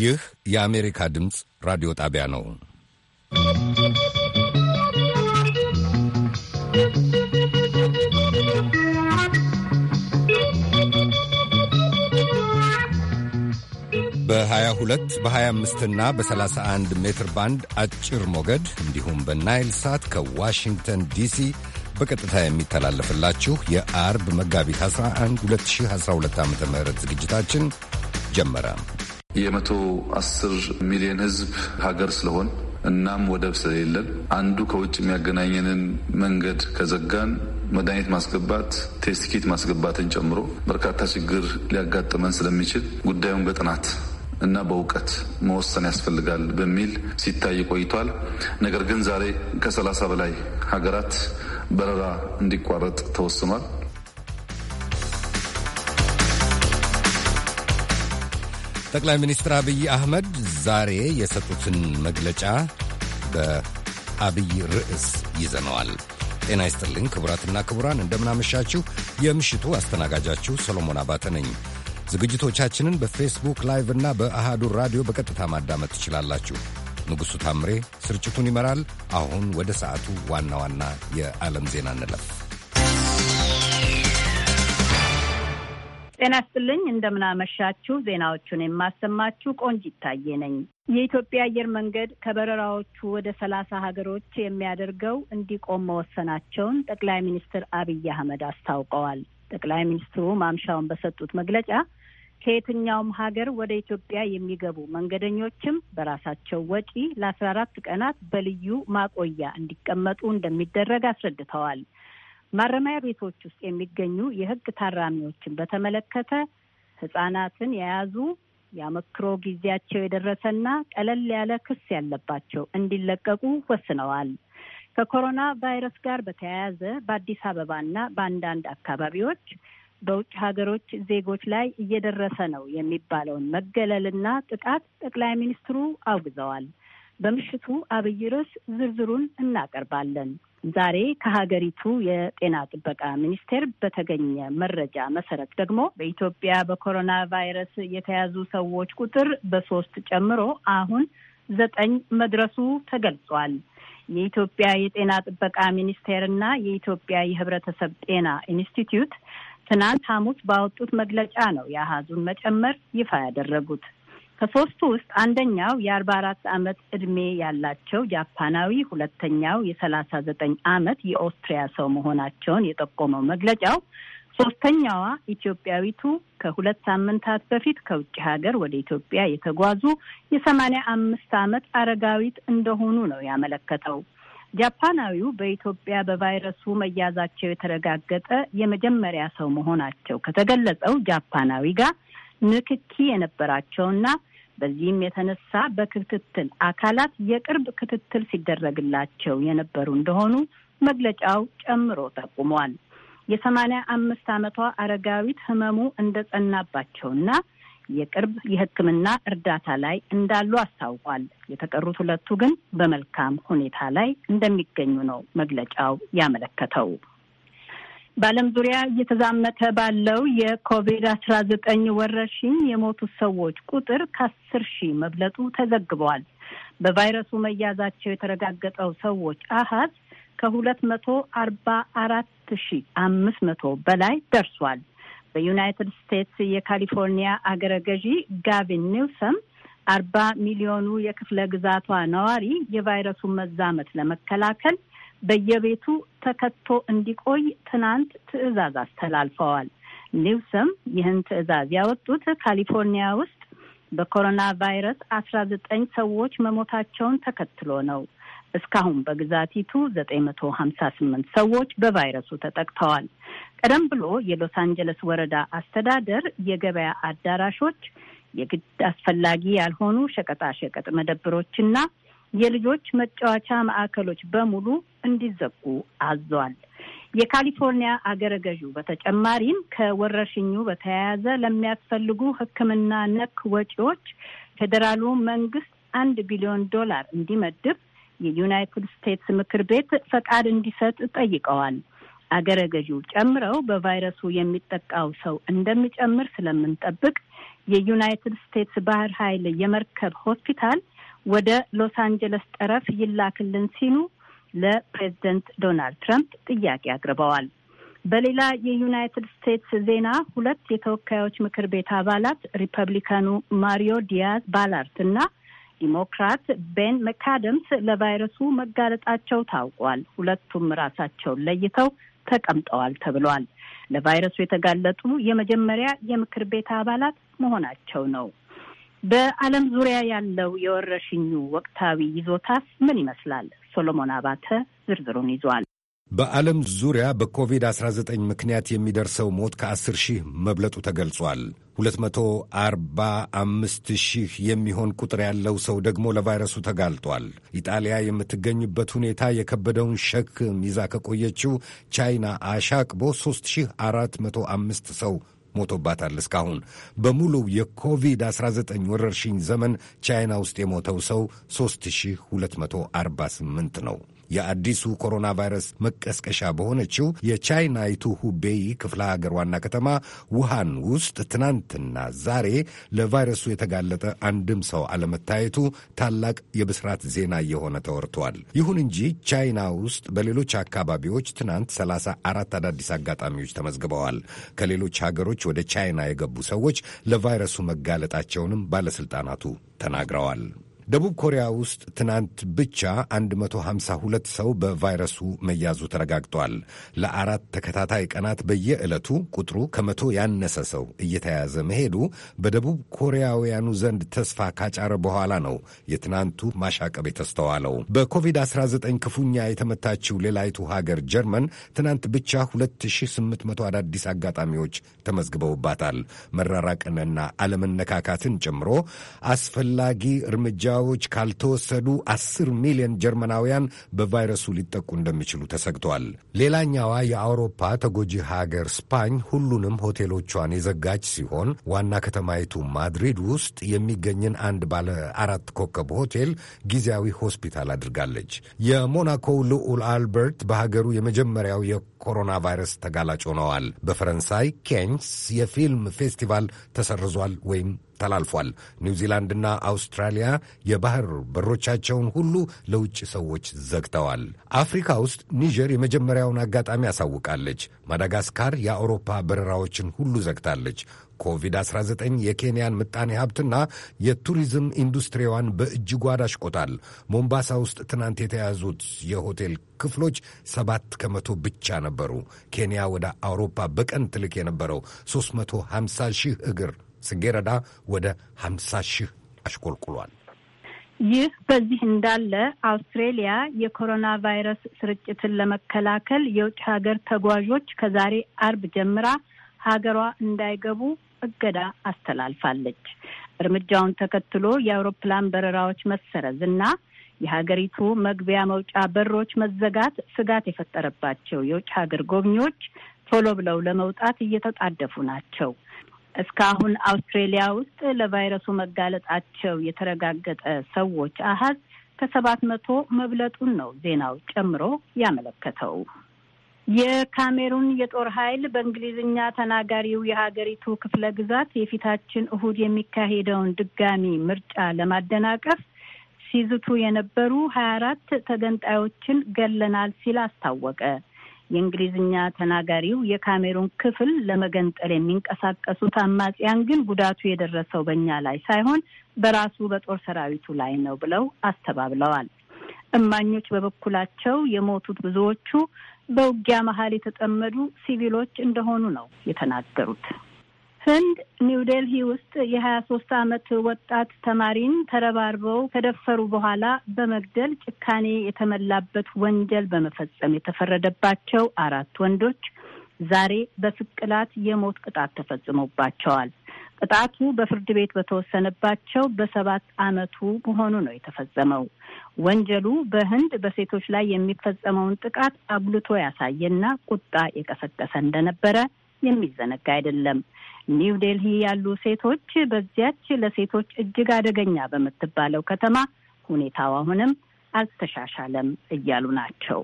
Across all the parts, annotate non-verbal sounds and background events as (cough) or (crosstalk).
ይህ የአሜሪካ ድምፅ ራዲዮ ጣቢያ ነው። በ22 በ25 እና በ31 ሜትር ባንድ አጭር ሞገድ እንዲሁም በናይል ሳት ከዋሽንግተን ዲሲ በቀጥታ የሚተላለፍላችሁ የአርብ መጋቢት 11 2012 ዓ ም ዝግጅታችን ጀመረ። የመቶ አስር ሚሊዮን ህዝብ ሀገር ስለሆን እናም ወደብ ስለሌለን አንዱ ከውጭ የሚያገናኘንን መንገድ ከዘጋን መድኃኒት ማስገባት ቴስት ኪት ማስገባትን ጨምሮ በርካታ ችግር ሊያጋጥመን ስለሚችል ጉዳዩን በጥናት እና በእውቀት መወሰን ያስፈልጋል በሚል ሲታይ ቆይቷል። ነገር ግን ዛሬ ከሰላሳ በላይ ሀገራት በረራ እንዲቋረጥ ተወስኗል። ጠቅላይ ሚኒስትር አብይ አህመድ ዛሬ የሰጡትን መግለጫ በአብይ ርዕስ ይዘነዋል። ጤና ይስጥልኝ ክቡራትና ክቡራን፣ እንደምናመሻችሁ። የምሽቱ አስተናጋጃችሁ ሰሎሞን አባተ ነኝ። ዝግጅቶቻችንን በፌስቡክ ላይቭ እና በአሃዱ ራዲዮ በቀጥታ ማዳመጥ ትችላላችሁ። ንጉሡ ታምሬ ስርጭቱን ይመራል። አሁን ወደ ሰዓቱ ዋና ዋና የዓለም ዜና እንለፍ። ጤና ስትልኝ እንደምናመሻችሁ። ዜናዎቹን የማሰማችሁ ቆንጅ ይታየ ነኝ። የኢትዮጵያ አየር መንገድ ከበረራዎቹ ወደ ሰላሳ ሀገሮች የሚያደርገው እንዲቆም መወሰናቸውን ጠቅላይ ሚኒስትር አብይ አህመድ አስታውቀዋል። ጠቅላይ ሚኒስትሩ ማምሻውን በሰጡት መግለጫ ከየትኛውም ሀገር ወደ ኢትዮጵያ የሚገቡ መንገደኞችም በራሳቸው ወጪ ለአስራ አራት ቀናት በልዩ ማቆያ እንዲቀመጡ እንደሚደረግ አስረድተዋል። ማረሚያ ቤቶች ውስጥ የሚገኙ የህግ ታራሚዎችን በተመለከተ ህጻናትን የያዙ የአመክሮ ጊዜያቸው የደረሰና ቀለል ያለ ክስ ያለባቸው እንዲለቀቁ ወስነዋል። ከኮሮና ቫይረስ ጋር በተያያዘ በአዲስ አበባና በአንዳንድ አካባቢዎች በውጭ ሀገሮች ዜጎች ላይ እየደረሰ ነው የሚባለውን መገለልና ጥቃት ጠቅላይ ሚኒስትሩ አውግዘዋል። በምሽቱ አብይ ርዕስ ዝርዝሩን እናቀርባለን። ዛሬ ከሀገሪቱ የጤና ጥበቃ ሚኒስቴር በተገኘ መረጃ መሰረት ደግሞ በኢትዮጵያ በኮሮና ቫይረስ የተያዙ ሰዎች ቁጥር በሶስት ጨምሮ አሁን ዘጠኝ መድረሱ ተገልጿል። የኢትዮጵያ የጤና ጥበቃ ሚኒስቴርና የኢትዮጵያ የሕብረተሰብ ጤና ኢንስቲትዩት ትናንት ሐሙስ ባወጡት መግለጫ ነው የአሃዙን መጨመር ይፋ ያደረጉት። ከሶስቱ ውስጥ አንደኛው የአርባ አራት አመት እድሜ ያላቸው ጃፓናዊ፣ ሁለተኛው የሰላሳ ዘጠኝ አመት የኦስትሪያ ሰው መሆናቸውን የጠቆመው መግለጫው ሶስተኛዋ ኢትዮጵያዊቱ ከሁለት ሳምንታት በፊት ከውጭ ሀገር ወደ ኢትዮጵያ የተጓዙ የሰማኒያ አምስት አመት አረጋዊት እንደሆኑ ነው ያመለከተው። ጃፓናዊው በኢትዮጵያ በቫይረሱ መያዛቸው የተረጋገጠ የመጀመሪያ ሰው መሆናቸው ከተገለጸው ጃፓናዊ ጋር ንክኪ የነበራቸውና በዚህም የተነሳ በክትትል አካላት የቅርብ ክትትል ሲደረግላቸው የነበሩ እንደሆኑ መግለጫው ጨምሮ ጠቁሟል። የሰማኒያ አምስት ዓመቷ አረጋዊት ህመሙ እንደጸናባቸውና የቅርብ የሕክምና እርዳታ ላይ እንዳሉ አስታውቋል። የተቀሩት ሁለቱ ግን በመልካም ሁኔታ ላይ እንደሚገኙ ነው መግለጫው ያመለከተው። በዓለም ዙሪያ እየተዛመተ ባለው የኮቪድ አስራ ዘጠኝ ወረርሽኝ የሞቱ ሰዎች ቁጥር ከአስር ሺህ መብለጡ ተዘግበዋል። በቫይረሱ መያዛቸው የተረጋገጠው ሰዎች አሀዝ ከሁለት መቶ አርባ አራት ሺህ አምስት መቶ በላይ ደርሷል። በዩናይትድ ስቴትስ የካሊፎርኒያ አገረ ገዢ ጋቪን ኒውሰም አርባ ሚሊዮኑ የክፍለ ግዛቷ ነዋሪ የቫይረሱን መዛመት ለመከላከል በየቤቱ ተከቶ እንዲቆይ ትናንት ትዕዛዝ አስተላልፈዋል። ኒውሰም ይህን ትዕዛዝ ያወጡት ካሊፎርኒያ ውስጥ በኮሮና ቫይረስ አስራ ዘጠኝ ሰዎች መሞታቸውን ተከትሎ ነው። እስካሁን በግዛቲቱ ዘጠኝ መቶ ሀምሳ ስምንት ሰዎች በቫይረሱ ተጠቅተዋል። ቀደም ብሎ የሎስ አንጀለስ ወረዳ አስተዳደር የገበያ አዳራሾች፣ የግድ አስፈላጊ ያልሆኑ ሸቀጣሸቀጥ መደብሮችና የልጆች መጫወቻ ማዕከሎች በሙሉ እንዲዘጉ አዟል። የካሊፎርኒያ አገረ ገዢ በተጨማሪም ከወረርሽኙ በተያያዘ ለሚያስፈልጉ ሕክምና ነክ ወጪዎች ፌዴራሉ መንግስት አንድ ቢሊዮን ዶላር እንዲመድብ የዩናይትድ ስቴትስ ምክር ቤት ፈቃድ እንዲሰጥ ጠይቀዋል። አገረ ገዢው ጨምረው በቫይረሱ የሚጠቃው ሰው እንደሚጨምር ስለምንጠብቅ የዩናይትድ ስቴትስ ባህር ኃይል የመርከብ ሆስፒታል ወደ ሎስ አንጀለስ ጠረፍ ይላክልን ሲሉ ለፕሬዝደንት ዶናልድ ትራምፕ ጥያቄ አቅርበዋል። በሌላ የዩናይትድ ስቴትስ ዜና ሁለት የተወካዮች ምክር ቤት አባላት ሪፐብሊካኑ ማሪዮ ዲያዝ ባላርት እና ዲሞክራት ቤን መካደምስ ለቫይረሱ መጋለጣቸው ታውቋል። ሁለቱም ራሳቸውን ለይተው ተቀምጠዋል ተብሏል። ለቫይረሱ የተጋለጡ የመጀመሪያ የምክር ቤት አባላት መሆናቸው ነው። በዓለም ዙሪያ ያለው የወረሽኙ ወቅታዊ ይዞታስ ምን ይመስላል? ሶሎሞን አባተ ዝርዝሩን ይዟል። በዓለም ዙሪያ በኮቪድ-19 ምክንያት የሚደርሰው ሞት ከ10 ሺህ መብለጡ ተገልጿል። 245 ሺህ የሚሆን ቁጥር ያለው ሰው ደግሞ ለቫይረሱ ተጋልጧል። ኢጣሊያ የምትገኝበት ሁኔታ የከበደውን ሸክም ይዛ ከቆየችው ቻይና አሻቅቦ 3405 ሰው ሞቶባታል። እስካሁን በሙሉ የኮቪድ-19 ወረርሽኝ ዘመን ቻይና ውስጥ የሞተው ሰው 3248 ነው። የአዲሱ ኮሮና ቫይረስ መቀስቀሻ በሆነችው የቻይናይቱ ሁቤይ ክፍለ ሀገር ዋና ከተማ ውሃን ውስጥ ትናንትና ዛሬ ለቫይረሱ የተጋለጠ አንድም ሰው አለመታየቱ ታላቅ የብስራት ዜና እየሆነ ተወርቷል። ይሁን እንጂ ቻይና ውስጥ በሌሎች አካባቢዎች ትናንት ሰላሳ አራት አዳዲስ አጋጣሚዎች ተመዝግበዋል። ከሌሎች ሀገሮች ወደ ቻይና የገቡ ሰዎች ለቫይረሱ መጋለጣቸውንም ባለሥልጣናቱ ተናግረዋል። ደቡብ ኮሪያ ውስጥ ትናንት ብቻ 152 ሰው በቫይረሱ መያዙ ተረጋግጧል። ለአራት ተከታታይ ቀናት በየዕለቱ ቁጥሩ ከመቶ ያነሰ ሰው እየተያዘ መሄዱ በደቡብ ኮሪያውያኑ ዘንድ ተስፋ ካጫረ በኋላ ነው የትናንቱ ማሻቀብ የተስተዋለው። በኮቪድ-19 ክፉኛ የተመታችው ሌላይቱ ሀገር ጀርመን ትናንት ብቻ 2800 አዳዲስ አጋጣሚዎች ተመዝግበውባታል። መራራቅንና አለመነካካትን ጨምሮ አስፈላጊ እርምጃ እርምጃዎች ካልተወሰዱ አስር ሚሊዮን ጀርመናውያን በቫይረሱ ሊጠቁ እንደሚችሉ ተሰግቷል። ሌላኛዋ የአውሮፓ ተጎጂ ሀገር ስፓኝ ሁሉንም ሆቴሎቿን የዘጋች ሲሆን ዋና ከተማይቱ ማድሪድ ውስጥ የሚገኝን አንድ ባለ አራት ኮከብ ሆቴል ጊዜያዊ ሆስፒታል አድርጋለች። የሞናኮው ልዑል አልበርት በሀገሩ የመጀመሪያው የኮሮና ቫይረስ ተጋላጭ ሆነዋል። በፈረንሳይ ኬንስ የፊልም ፌስቲቫል ተሰርዟል ወይም ተላልፏል። ኒውዚላንድና አውስትራሊያ የባህር በሮቻቸውን ሁሉ ለውጭ ሰዎች ዘግተዋል። አፍሪካ ውስጥ ኒጀር የመጀመሪያውን አጋጣሚ አሳውቃለች። ማዳጋስካር የአውሮፓ በረራዎችን ሁሉ ዘግታለች። ኮቪድ-19 የኬንያን ምጣኔ ሀብትና የቱሪዝም ኢንዱስትሪዋን በእጅጉ አዳሽቆታል። ሞምባሳ ውስጥ ትናንት የተያዙት የሆቴል ክፍሎች ሰባት ከመቶ ብቻ ነበሩ። ኬንያ ወደ አውሮፓ በቀን ትልክ የነበረው 350 ሺህ እግር ጽጌረዳ ወደ 50 ሺህ አሽቆልቁሏል። ይህ በዚህ እንዳለ አውስትሬሊያ የኮሮና ቫይረስ ስርጭትን ለመከላከል የውጭ ሀገር ተጓዦች ከዛሬ አርብ ጀምራ ሀገሯ እንዳይገቡ እገዳ አስተላልፋለች። እርምጃውን ተከትሎ የአውሮፕላን በረራዎች መሰረዝ እና የሀገሪቱ መግቢያ መውጫ በሮች መዘጋት ስጋት የፈጠረባቸው የውጭ ሀገር ጎብኚዎች ቶሎ ብለው ለመውጣት እየተጣደፉ ናቸው። እስካሁን አውስትሬሊያ ውስጥ ለቫይረሱ መጋለጣቸው የተረጋገጠ ሰዎች አሀዝ ከሰባት መቶ መብለጡን ነው ዜናው ጨምሮ ያመለከተው። የካሜሩን የጦር ኃይል በእንግሊዝኛ ተናጋሪው የሀገሪቱ ክፍለ ግዛት የፊታችን እሁድ የሚካሄደውን ድጋሚ ምርጫ ለማደናቀፍ ሲዝቱ የነበሩ ሀያ አራት ተገንጣዮችን ገለናል ሲል አስታወቀ። የእንግሊዝኛ ተናጋሪው የካሜሩን ክፍል ለመገንጠል የሚንቀሳቀሱት አማጽያን ግን ጉዳቱ የደረሰው በእኛ ላይ ሳይሆን በራሱ በጦር ሰራዊቱ ላይ ነው ብለው አስተባብለዋል። እማኞች በበኩላቸው የሞቱት ብዙዎቹ በውጊያ መሀል የተጠመዱ ሲቪሎች እንደሆኑ ነው የተናገሩት። ህንድ ኒውዴልሂ ውስጥ የሀያ ሶስት አመት ወጣት ተማሪን ተረባርበው ከደፈሩ በኋላ በመግደል ጭካኔ የተመላበት ወንጀል በመፈጸም የተፈረደባቸው አራት ወንዶች ዛሬ በስቅላት የሞት ቅጣት ተፈጽሞባቸዋል። ቅጣቱ በፍርድ ቤት በተወሰነባቸው በሰባት አመቱ መሆኑ ነው የተፈጸመው። ወንጀሉ በህንድ በሴቶች ላይ የሚፈጸመውን ጥቃት አጉልቶ ያሳየና ቁጣ የቀሰቀሰ እንደነበረ የሚዘነጋ አይደለም። ኒው ዴልሂ ያሉ ሴቶች በዚያች ለሴቶች እጅግ አደገኛ በምትባለው ከተማ ሁኔታው አሁንም አልተሻሻለም እያሉ ናቸው።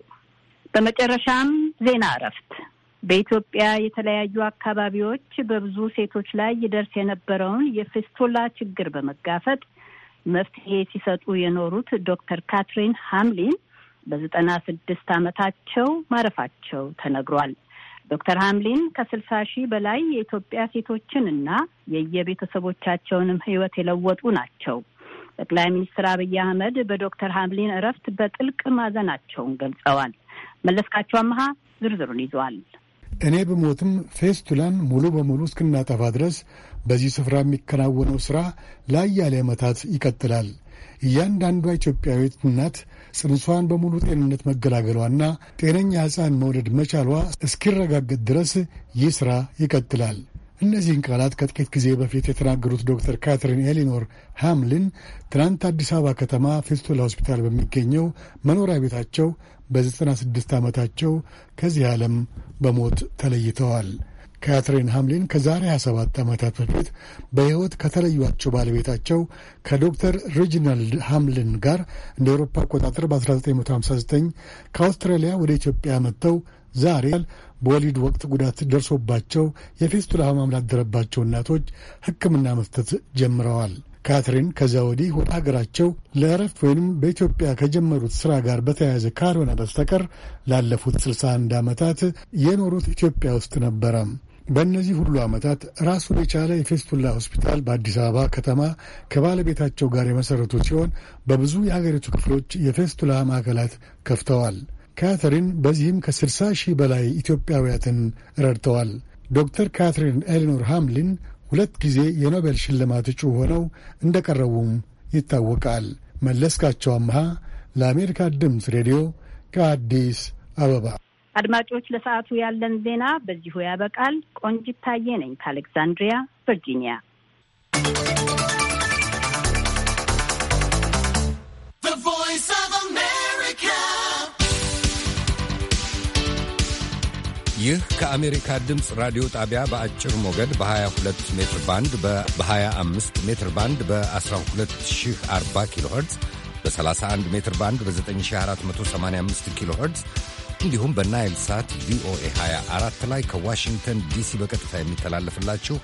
በመጨረሻም ዜና እረፍት በኢትዮጵያ የተለያዩ አካባቢዎች በብዙ ሴቶች ላይ ይደርስ የነበረውን የፊስቱላ ችግር በመጋፈጥ መፍትሄ ሲሰጡ የኖሩት ዶክተር ካትሪን ሃምሊን በዘጠና ስድስት ዓመታቸው ማረፋቸው ተነግሯል። ዶክተር ሀምሊን ከስልሳ ሺህ በላይ የኢትዮጵያ ሴቶችን እና የየቤተሰቦቻቸውንም ህይወት የለወጡ ናቸው። ጠቅላይ ሚኒስትር አብይ አህመድ በዶክተር ሀምሊን እረፍት በጥልቅ ማዘናቸውን ገልጸዋል። መለስካቸው አመሃ ዝርዝሩን ይዟል። እኔ ብሞትም ፌስቱላን ሙሉ በሙሉ እስክናጠፋ ድረስ በዚህ ስፍራ የሚከናወነው ስራ ለአያሌ ዓመታት ይቀጥላል። እያንዳንዷ ኢትዮጵያዊት እናት ጽንሷን በሙሉ ጤንነት መገላገሏና ጤነኛ ሕፃን መውለድ መቻሏ እስኪረጋገጥ ድረስ ይህ ሥራ ይቀጥላል። እነዚህን ቃላት ከጥቂት ጊዜ በፊት የተናገሩት ዶክተር ካትሪን ኤሊኖር ሃምሊን ትናንት አዲስ አበባ ከተማ ፌስቱላ ሆስፒታል በሚገኘው መኖሪያ ቤታቸው በ96 ዓመታቸው ከዚህ ዓለም በሞት ተለይተዋል። ካትሪን ሐምሊን ከዛሬ 27 ዓመታት በፊት በሕይወት ከተለዩቸው ባለቤታቸው ከዶክተር ሪጂናልድ ሐምሊን ጋር እንደ አውሮፓ አቆጣጠር በ1959 ከአውስትራሊያ ወደ ኢትዮጵያ መጥተው ዛሬ በወሊድ ወቅት ጉዳት ደርሶባቸው የፌስቱላ ሕማም ላደረባቸው እናቶች ሕክምና መስጠት ጀምረዋል። ካትሪን ከዚያ ወዲህ ወደ ሀገራቸው ለእረፍት ወይም በኢትዮጵያ ከጀመሩት ሥራ ጋር በተያያዘ ካልሆነ በስተቀር ላለፉት 61 ዓመታት የኖሩት ኢትዮጵያ ውስጥ ነበረ። በእነዚህ ሁሉ ዓመታት ራሱን የቻለ የፌስቱላ ሆስፒታል በአዲስ አበባ ከተማ ከባለቤታቸው ጋር የመሠረቱ ሲሆን በብዙ የሀገሪቱ ክፍሎች የፌስቱላ ማዕከላት ከፍተዋል። ካትሪን በዚህም ከ60 ሺህ በላይ ኢትዮጵያውያትን ረድተዋል። ዶክተር ካትሪን ኤሊኖር ሃምሊን ሁለት ጊዜ የኖቤል ሽልማት እጩ ሆነው እንደቀረቡም ይታወቃል። መለስካቸው አምሃ ለአሜሪካ ድምፅ ሬዲዮ ከአዲስ አበባ አድማጮች፣ ለሰዓቱ ያለን ዜና በዚሁ ያበቃል። ቆንጂት ታዬ ነኝ ከአሌክዛንድሪያ ቨርጂኒያ። ይህ ከአሜሪካ ድምፅ ራዲዮ ጣቢያ በአጭር ሞገድ በ22 ሜትር ባንድ በ25 ሜትር ባንድ በ1240 ኪሎ ኸርትዝ በ31 ሜትር ባንድ በ9485 ኪሎ ኸርትዝ እንዲሁም በናይል ሳት ቪኦኤ 24 ላይ ከዋሽንግተን ዲሲ በቀጥታ የሚተላለፍላችሁ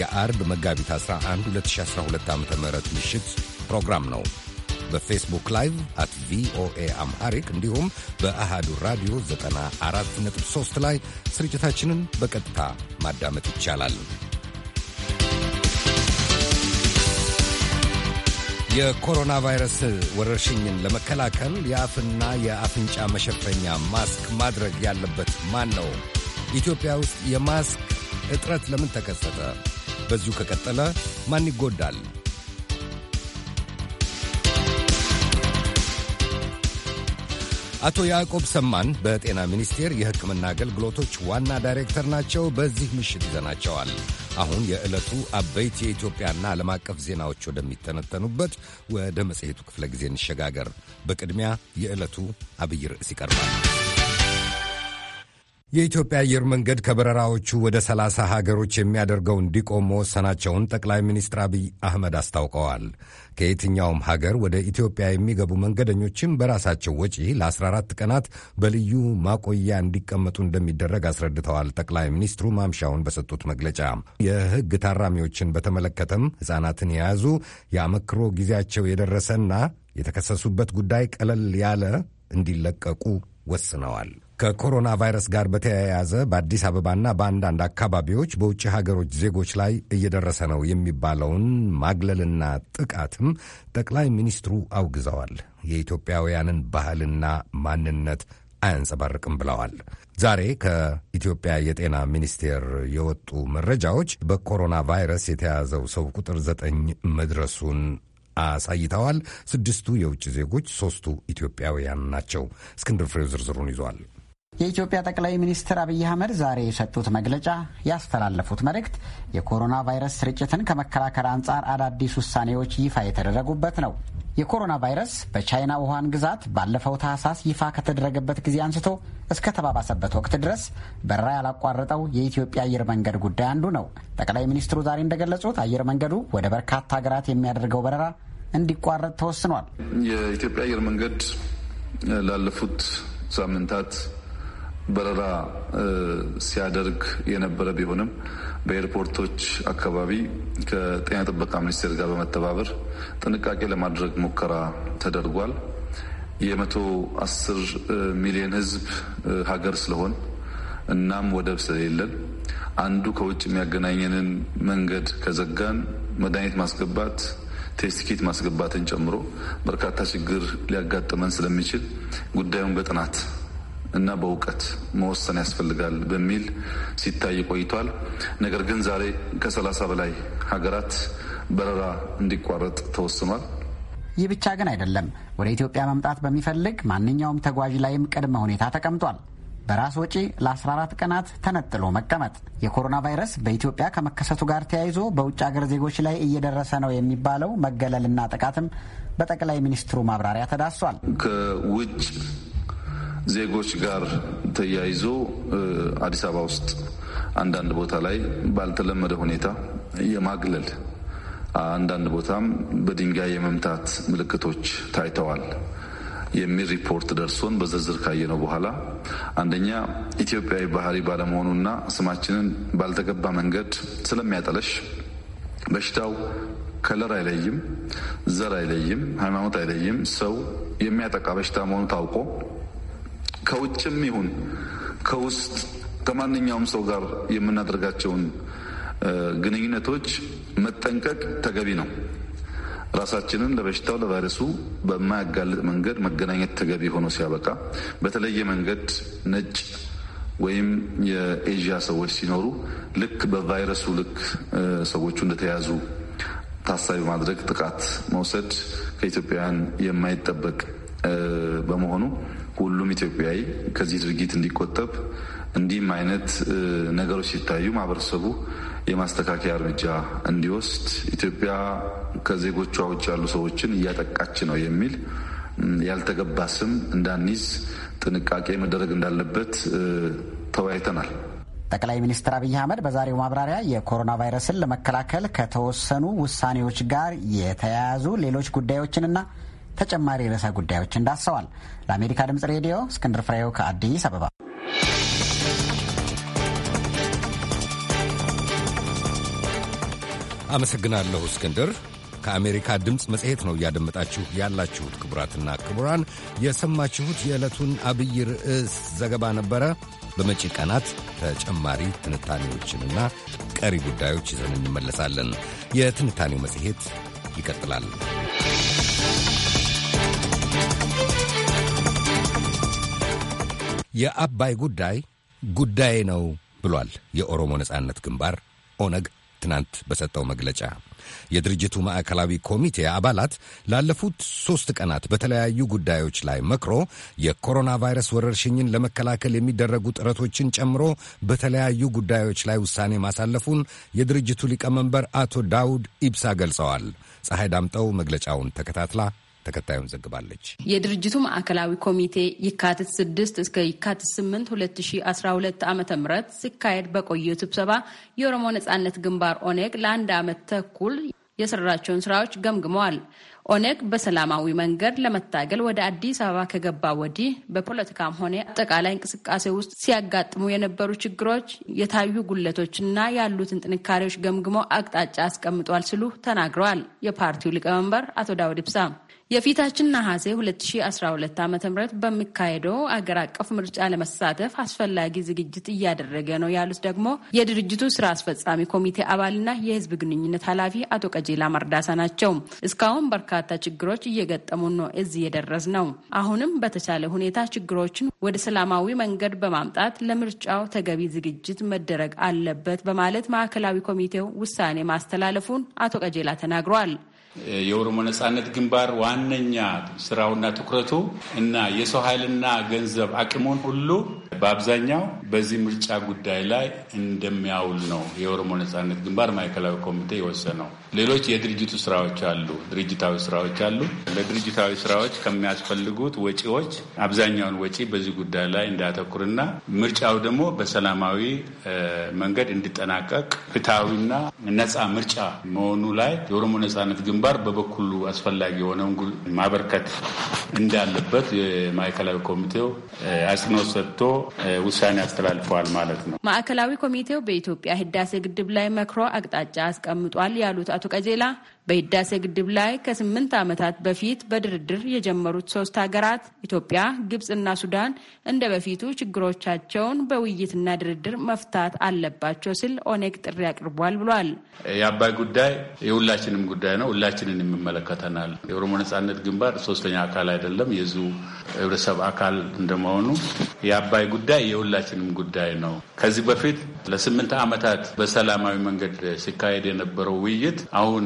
የአርብ መጋቢት 11 2012 ዓ ም ምሽት ፕሮግራም ነው። በፌስቡክ ላይቭ አት ቪኦኤ አምሃሪክ እንዲሁም በአሃዱ ራዲዮ 94.3 ላይ ስርጭታችንን በቀጥታ ማዳመጥ ይቻላል። የኮሮና ቫይረስ ወረርሽኝን ለመከላከል የአፍና የአፍንጫ መሸፈኛ ማስክ ማድረግ ያለበት ማን ነው? ኢትዮጵያ ውስጥ የማስክ እጥረት ለምን ተከሰተ? በዚሁ ከቀጠለ ማን ይጎዳል? አቶ ያዕቆብ ሰማን በጤና ሚኒስቴር የሕክምና አገልግሎቶች ዋና ዳይሬክተር ናቸው። በዚህ ምሽት ይዘናቸዋል። አሁን የዕለቱ አበይት የኢትዮጵያና ዓለም አቀፍ ዜናዎች ወደሚተነተኑበት ወደ መጽሔቱ ክፍለ ጊዜ እንሸጋገር። በቅድሚያ የዕለቱ አብይ ርዕስ ይቀርባል። የኢትዮጵያ አየር መንገድ ከበረራዎቹ ወደ ሰላሳ ሀገሮች የሚያደርገው እንዲቆም መወሰናቸውን ጠቅላይ ሚኒስትር አብይ አህመድ አስታውቀዋል። ከየትኛውም ሀገር ወደ ኢትዮጵያ የሚገቡ መንገደኞችም በራሳቸው ወጪ ለ14 ቀናት በልዩ ማቆያ እንዲቀመጡ እንደሚደረግ አስረድተዋል። ጠቅላይ ሚኒስትሩ ማምሻውን በሰጡት መግለጫ የሕግ ታራሚዎችን በተመለከተም ሕፃናትን የያዙ የአመክሮ ጊዜያቸው የደረሰና የተከሰሱበት ጉዳይ ቀለል ያለ እንዲለቀቁ ወስነዋል። ከኮሮና ቫይረስ ጋር በተያያዘ በአዲስ አበባና በአንዳንድ አካባቢዎች በውጭ ሀገሮች ዜጎች ላይ እየደረሰ ነው የሚባለውን ማግለልና ጥቃትም ጠቅላይ ሚኒስትሩ አውግዘዋል። የኢትዮጵያውያንን ባህልና ማንነት አያንጸባርቅም ብለዋል። ዛሬ ከኢትዮጵያ የጤና ሚኒስቴር የወጡ መረጃዎች በኮሮና ቫይረስ የተያዘው ሰው ቁጥር ዘጠኝ መድረሱን አሳይተዋል። ስድስቱ የውጭ ዜጎች፣ ሦስቱ ኢትዮጵያውያን ናቸው። እስክንድር ፍሬው ዝርዝሩን ይዟል። የኢትዮጵያ ጠቅላይ ሚኒስትር አብይ አህመድ ዛሬ የሰጡት መግለጫ ያስተላለፉት መልእክት የኮሮና ቫይረስ ስርጭትን ከመከላከል አንጻር አዳዲስ ውሳኔዎች ይፋ የተደረጉበት ነው። የኮሮና ቫይረስ በቻይና ውሃን ግዛት ባለፈው ታህሳስ ይፋ ከተደረገበት ጊዜ አንስቶ እስከ ተባባሰበት ወቅት ድረስ በረራ ያላቋረጠው የኢትዮጵያ አየር መንገድ ጉዳይ አንዱ ነው። ጠቅላይ ሚኒስትሩ ዛሬ እንደገለጹት አየር መንገዱ ወደ በርካታ ሀገራት የሚያደርገው በረራ እንዲቋረጥ ተወስኗል። የኢትዮጵያ አየር መንገድ ላለፉት ሳምንታት በረራ ሲያደርግ የነበረ ቢሆንም በኤርፖርቶች አካባቢ ከጤና ጥበቃ ሚኒስቴር ጋር በመተባበር ጥንቃቄ ለማድረግ ሙከራ ተደርጓል። የመቶ አስር ሚሊዮን ህዝብ ሀገር ስለሆን እናም ወደብ ስለሌለን አንዱ ከውጭ የሚያገናኘንን መንገድ ከዘጋን መድኃኒት ማስገባት ቴስት ኪት ማስገባትን ጨምሮ በርካታ ችግር ሊያጋጥመን ስለሚችል ጉዳዩን በጥናት እና በእውቀት መወሰን ያስፈልጋል በሚል ሲታይ ቆይቷል። ነገር ግን ዛሬ ከሰላሳ በላይ ሀገራት በረራ እንዲቋረጥ ተወስኗል። ይህ ብቻ ግን አይደለም። ወደ ኢትዮጵያ መምጣት በሚፈልግ ማንኛውም ተጓዥ ላይም ቅድመ ሁኔታ ተቀምጧል። በራስ ወጪ ለ14 ቀናት ተነጥሎ መቀመጥ። የኮሮና ቫይረስ በኢትዮጵያ ከመከሰቱ ጋር ተያይዞ በውጭ አገር ዜጎች ላይ እየደረሰ ነው የሚባለው መገለልና ጥቃትም በጠቅላይ ሚኒስትሩ ማብራሪያ ተዳሷል። ከውጭ ዜጎች ጋር ተያይዞ አዲስ አበባ ውስጥ አንዳንድ ቦታ ላይ ባልተለመደ ሁኔታ የማግለል አንዳንድ ቦታም በድንጋይ የመምታት ምልክቶች ታይተዋል የሚል ሪፖርት ደርሶን በዝርዝር ካየነው በኋላ አንደኛ ኢትዮጵያዊ ባህሪ ባለመሆኑና ስማችንን ባልተገባ መንገድ ስለሚያጠለሽ በሽታው ከለር አይለይም፣ ዘር አይለይም፣ ሃይማኖት አይለይም፣ ሰው የሚያጠቃ በሽታ መሆኑ ታውቆ ከውጭም ይሁን ከውስጥ ከማንኛውም ሰው ጋር የምናደርጋቸውን ግንኙነቶች መጠንቀቅ ተገቢ ነው። ራሳችንን ለበሽታው ለቫይረሱ በማያጋልጥ መንገድ መገናኘት ተገቢ ሆኖ ሲያበቃ በተለየ መንገድ ነጭ ወይም የኤዥያ ሰዎች ሲኖሩ ልክ በቫይረሱ ልክ ሰዎቹ እንደተያዙ ታሳቢ ማድረግ ጥቃት መውሰድ ከኢትዮጵያውያን የማይጠበቅ በመሆኑ ሁሉም ኢትዮጵያዊ ከዚህ ድርጊት እንዲቆጠብ እንዲህም አይነት ነገሮች ሲታዩ ማህበረሰቡ የማስተካከያ እርምጃ እንዲወስድ ኢትዮጵያ ከዜጎቿ ውጭ ያሉ ሰዎችን እያጠቃች ነው የሚል ያልተገባ ስም እንዳንይዝ ጥንቃቄ መደረግ እንዳለበት ተወያይተናል። ጠቅላይ ሚኒስትር አብይ አህመድ በዛሬው ማብራሪያ የኮሮና ቫይረስን ለመከላከል ከተወሰኑ ውሳኔዎች ጋር የተያያዙ ሌሎች ጉዳዮችንና ተጨማሪ ርዕሰ ጉዳዮችን ዳሰዋል። ለአሜሪካ ድምጽ ሬዲዮ እስክንድር ፍሬው ከአዲስ አበባ። አመሰግናለሁ እስክንድር። ከአሜሪካ ድምፅ መጽሔት ነው እያደመጣችሁ ያላችሁት። ክቡራትና ክቡራን የሰማችሁት የዕለቱን አብይ ርዕስ ዘገባ ነበረ። በመጪ ቀናት ተጨማሪ ትንታኔዎችንና ቀሪ ጉዳዮች ይዘን እንመለሳለን። የትንታኔው መጽሔት ይቀጥላል። የአባይ ጉዳይ ጉዳይ ነው ብሏል የኦሮሞ ነጻነት ግንባር ኦነግ ትናንት በሰጠው መግለጫ። የድርጅቱ ማዕከላዊ ኮሚቴ አባላት ላለፉት ሦስት ቀናት በተለያዩ ጉዳዮች ላይ መክሮ የኮሮና ቫይረስ ወረርሽኝን ለመከላከል የሚደረጉ ጥረቶችን ጨምሮ በተለያዩ ጉዳዮች ላይ ውሳኔ ማሳለፉን የድርጅቱ ሊቀመንበር አቶ ዳውድ ኢብሳ ገልጸዋል። ፀሐይ ዳምጠው መግለጫውን ተከታትላ ተከታዩን ዘግባለች። የድርጅቱ ማዕከላዊ ኮሚቴ የካቲት 6 እስከ የካቲት 8 2012 ዓ ም ሲካሄድ በቆየው ስብሰባ የኦሮሞ ነጻነት ግንባር ኦኔግ ለአንድ ዓመት ተኩል የሰራቸውን ስራዎች ገምግመዋል። ኦነግ በሰላማዊ መንገድ ለመታገል ወደ አዲስ አበባ ከገባ ወዲህ በፖለቲካም ሆነ አጠቃላይ እንቅስቃሴ ውስጥ ሲያጋጥሙ የነበሩ ችግሮች፣ የታዩ ጉለቶችና ያሉትን ጥንካሬዎች ገምግሞ አቅጣጫ አስቀምጧል ሲሉ ተናግረዋል። የፓርቲው ሊቀመንበር አቶ ዳውድ ብሳ የፊታችን ነሐሴ 2012 ዓ ም በሚካሄደው አገር አቀፍ ምርጫ ለመሳተፍ አስፈላጊ ዝግጅት እያደረገ ነው ያሉት ደግሞ የድርጅቱ ስራ አስፈጻሚ ኮሚቴ አባልና የህዝብ ግንኙነት ኃላፊ አቶ ቀጀላ መርዳሳ ናቸው። እስካሁን በርካታ ችግሮች እየገጠሙን ነው እዚህ የደረስ ነው። አሁንም በተቻለ ሁኔታ ችግሮችን ወደ ሰላማዊ መንገድ በማምጣት ለምርጫው ተገቢ ዝግጅት መደረግ አለበት በማለት ማዕከላዊ ኮሚቴው ውሳኔ ማስተላለፉን አቶ ቀጀላ ተናግሯል። የኦሮሞ ነጻነት ግንባር ዋነኛ ስራውና ትኩረቱ እና የሰው ኃይልና ገንዘብ አቅሙን ሁሉ በአብዛኛው በዚህ ምርጫ ጉዳይ ላይ እንደሚያውል ነው የኦሮሞ ነጻነት ግንባር ማዕከላዊ ኮሚቴ የወሰነው። ሌሎች የድርጅቱ ስራዎች አሉ፣ ድርጅታዊ ስራዎች አሉ። ለድርጅታዊ ስራዎች ከሚያስፈልጉት ወጪዎች አብዛኛውን ወጪ በዚህ ጉዳይ ላይ እንዳያተኩርና ምርጫው ደግሞ በሰላማዊ መንገድ እንዲጠናቀቅ ፍትሐዊና ነፃ ምርጫ መሆኑ ላይ የኦሮሞ ነፃነት ግንባር በበኩሉ አስፈላጊ የሆነውን ማበርከት እንዳለበት የማዕከላዊ ኮሚቴው አጽንኦት ሰጥቶ ውሳኔ አስተላልፈዋል ማለት ነው። ማዕከላዊ ኮሚቴው በኢትዮጵያ ህዳሴ ግድብ ላይ መክሮ አቅጣጫ አስቀምጧል ያሉት አቶ ቀጀላ በህዳሴ ግድብ ላይ ከስምንት ዓመታት በፊት በድርድር የጀመሩት ሶስት ሀገራት ኢትዮጵያ፣ ግብፅና ሱዳን እንደ በፊቱ ችግሮቻቸውን በውይይትና ድርድር መፍታት አለባቸው ሲል ኦኔግ ጥሪ አቅርቧል ብሏል። የአባይ ጉዳይ የሁላችንም ጉዳይ ነው። ሁላችንን የሚመለከተናል። የኦሮሞ ነጻነት ግንባር ሶስተኛ አካል አይደለም፣ የዚሁ ህብረተሰብ አካል እንደመሆኑ የአባይ ጉዳይ የሁላችንም ጉዳይ ነው። ከዚህ በፊት ለስምንት ዓመታት በሰላማዊ መንገድ ሲካሄድ የነበረው ውይይት አሁን